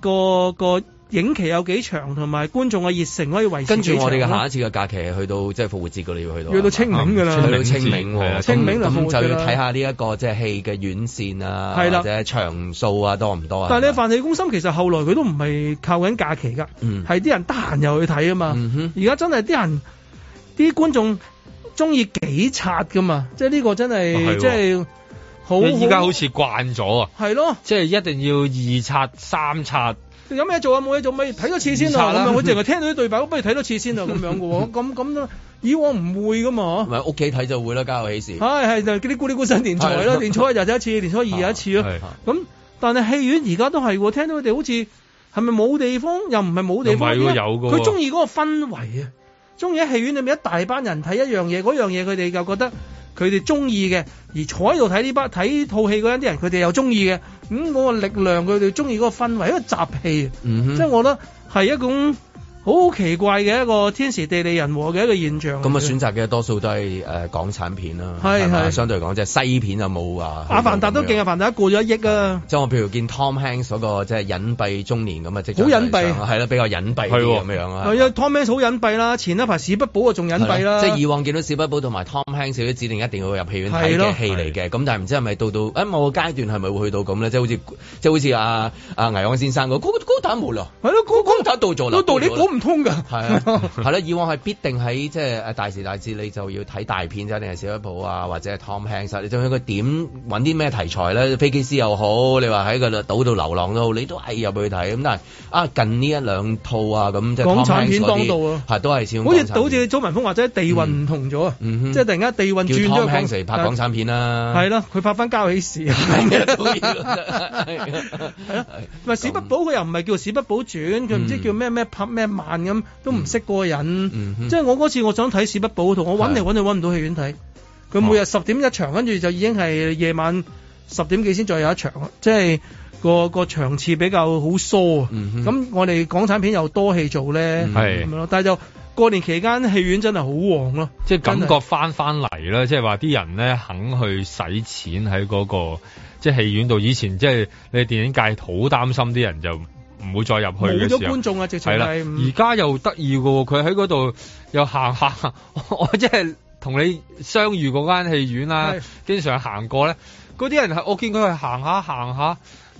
個個。個個影期有幾長，同埋觀眾嘅熱誠可以維持幾長。跟住我哋嘅下
一次嘅假期去到即係復活節，你要去到去到清明㗎啦，去到清明、啊。清明咁、嗯嗯、就要睇下呢、這、一個即係、就是、戲嘅遠線啊，即係場數啊，多唔多啊？但係你
《飯氣攻心》其實後來佢都唔係靠緊假期㗎，係、嗯、啲人得閒又去睇啊嘛。而、嗯、家真係啲人啲觀眾中意幾刷㗎嘛？即係呢個真係即係
好。而家好似慣咗啊！係、就、咯、是，即、啊、係、就是啊就是、一定要二刷三刷。
有咩做啊？冇嘢做咪睇多次先咯。我淨係聽到啲對白，不如睇多次先咯。咁樣噶喎。咁咁以往唔會噶嘛。唔係屋企睇就會啦，家有喜事。係、哎、係，嗰啲孤力孤身年初啦，年初一又睇一次，年初二又一次咯。咁 但係戲院而家都係，聽到佢哋好似係咪冇地方？又唔係冇地方。有佢中意嗰個氛圍啊，中意喺戲院裏面一大班人睇一樣嘢，嗰樣嘢佢哋就覺得佢哋中意嘅，而坐喺度睇呢班睇套戲嗰陣啲人，佢哋又中意嘅。咁、嗯、我嘅力量，佢哋中意嗰個氛圍，一個集氣，即、嗯、係、就是、我覺得係一種。好奇怪嘅一個天時地利人和嘅一個現象。咁啊，選擇
嘅多數都係誒、呃、港產片啦、啊，係相
對嚟講，即係西片就冇
啊。阿凡達都勁，阿
凡達過咗一億啊！
即係我譬如見 Tom Hanks 嗰、那個即係隱蔽中年咁啊，即係好隱蔽，係咯比較隱蔽咁樣啊。係
啊，Tom Hanks 好隱蔽啦，前一排史不保啊，仲隱蔽啦。即係、就是、以
往見到史匹堡同埋 Tom Hanks 啲指定一定要入戲院睇嘅戲嚟嘅，咁但係唔知係咪到到、哎、某個階段係咪會去到咁咧？即、就、係、是、好似即係好似阿阿倪匡先生嗰高無高塔冇啦，係、那、咯、個、高、那個、高塔到咗道理唔通噶，係啊，係啦，以往係必定喺即係誒大時大節，你就要睇大片啫，定係小一寶啊，或者係 Tom Hanks 啊，你仲要佢點揾啲咩題材咧？飛機師又好，你話喺個島度流浪都好，你都係入去睇咁。但係啊，近呢一兩套啊，咁即係港產片當道啊，都係好似好
似祖文峰，或者地運唔同咗啊、嗯嗯，即係突然間地運轉咗，Tom Hanks 拍港產
片啦、啊，係咯、
啊，佢拍翻交起事，唔係史不寶，佢又唔係叫史不寶傳，佢唔知叫咩咩拍咩咁都唔識嗰個人，嗯、即係我嗰次我想睇《事不保》，同我搵嚟搵嚟搵唔到戲院睇。佢每日十點一場，跟、啊、住就已經係夜晚十點幾先再有一場，即係、那個、那個場次比較好疏咁、嗯、我哋港產片又多戲做咧，係、嗯、但係就過年期間戲院真係好旺咯，即係感覺
翻翻嚟啦，即係話啲人咧肯去使錢喺嗰、那個即係戲院度。以前即、就、係、是、你電影界好擔心啲人就。唔會再入去。冇咗觀眾啊！直情係而家又得意嘅喎，佢喺嗰度又行下， 我即係同你相遇嗰間戲院啦、啊，經常行過咧，嗰啲人係我見佢行下行下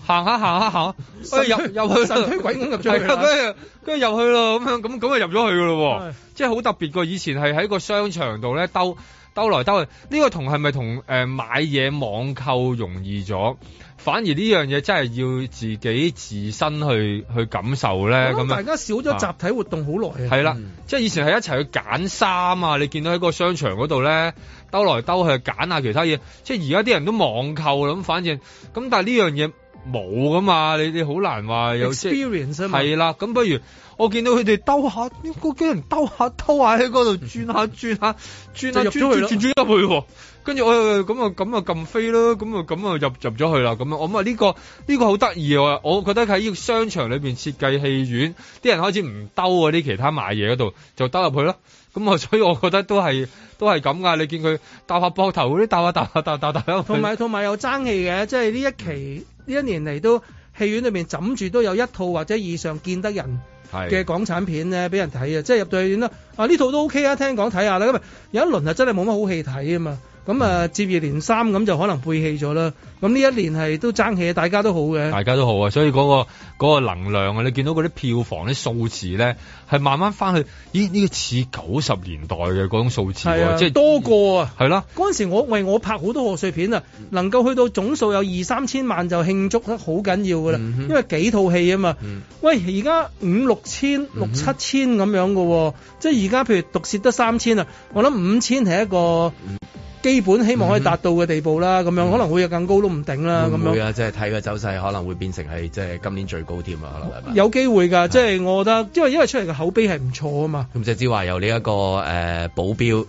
行下行下行，行行行行哎、入入去鬼咁入咗去，跟住跟住入去咯，咁樣咁咁就入咗去㗎喇咯，即係好特別㗎。以前係喺個商場度咧兜。兜來兜去，呢、這個同係咪同誒買嘢網購容易咗？反而呢樣嘢真係要自己自身去去感受咧，咁啊！大家少咗集
體活動好耐啊！係啦，
即係以前係一齊去揀衫啊！你見到喺個商場嗰度咧，兜來兜去揀下其他嘢，即係而家啲人都網購咁，反正咁，但係呢樣嘢。冇噶嘛，你哋好難話有 experience 係啦，咁不如我見到佢哋兜下，啲、那、
嗰、個、人兜下、兜下喺嗰度
轉，下， 轉下、轉下、轉下、轉轉轉，轉入去。跟住我又咁啊，咁啊撳飛咯，咁啊，咁啊入入咗去啦。咁啊，我啊呢、呢個呢、呢個好得意喎。我覺得喺個商場裏邊設計戲院，啲人開始唔兜啊啲其他買嘢嗰度，就兜入去咯。咁啊，所以我覺得都係都係咁噶。你見佢搭下膊頭嗰啲，搭下、搭下、同埋
同埋有爭氣嘅，即係呢一期。呢一年嚟都戲院裏面枕住都有一套或者以上見得人嘅港產片咧，俾人睇啊！即係入到戲院啦，啊呢套都 OK 啊，聽講睇下啦，咁咪有一輪係真係冇乜好戲睇啊嘛。咁啊，接二連三咁就可能配戲咗啦。咁呢一年係都爭氣大家都好嘅。大
家都好啊，所以嗰、嗰個嗰、嗰個、能量啊，你見到嗰啲票房啲數字咧，係慢慢翻去，呢個似九十年代嘅嗰種數字、啊，即係、啊就是、多過啊。係咯、啊，嗰
陣時我為我拍好多賀歲片啊，能夠去到總數有二三千萬就慶祝得好緊要噶啦、嗯，因為幾套戲啊嘛、嗯。喂，而家五六千、六七千咁樣嘅、啊、喎、嗯，即係而家譬如《毒舌》得三千啊，我諗五千係一個、嗯。基本希望可以達到嘅地步啦，咁、嗯、樣可能會有更高都唔定啦，咁、嗯、樣
即係睇個走勢可能會變成係即係今年最高添啊，可能
有機會㗎，即係、就是、我覺得，因為因為出嚟嘅口碑係唔錯啊嘛。
咁即係話由呢、這、一個誒、呃、保鏢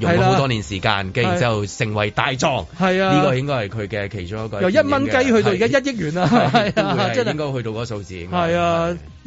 用咗好多年時間，跟住之後成為大狀，係啊，呢、這個應該係佢嘅其中一個。由一蚊雞、啊就是、去到而家一億元啊，係啊，應該去到嗰個數字。係
啊。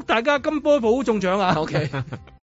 祝大家金波寶中獎啊 ok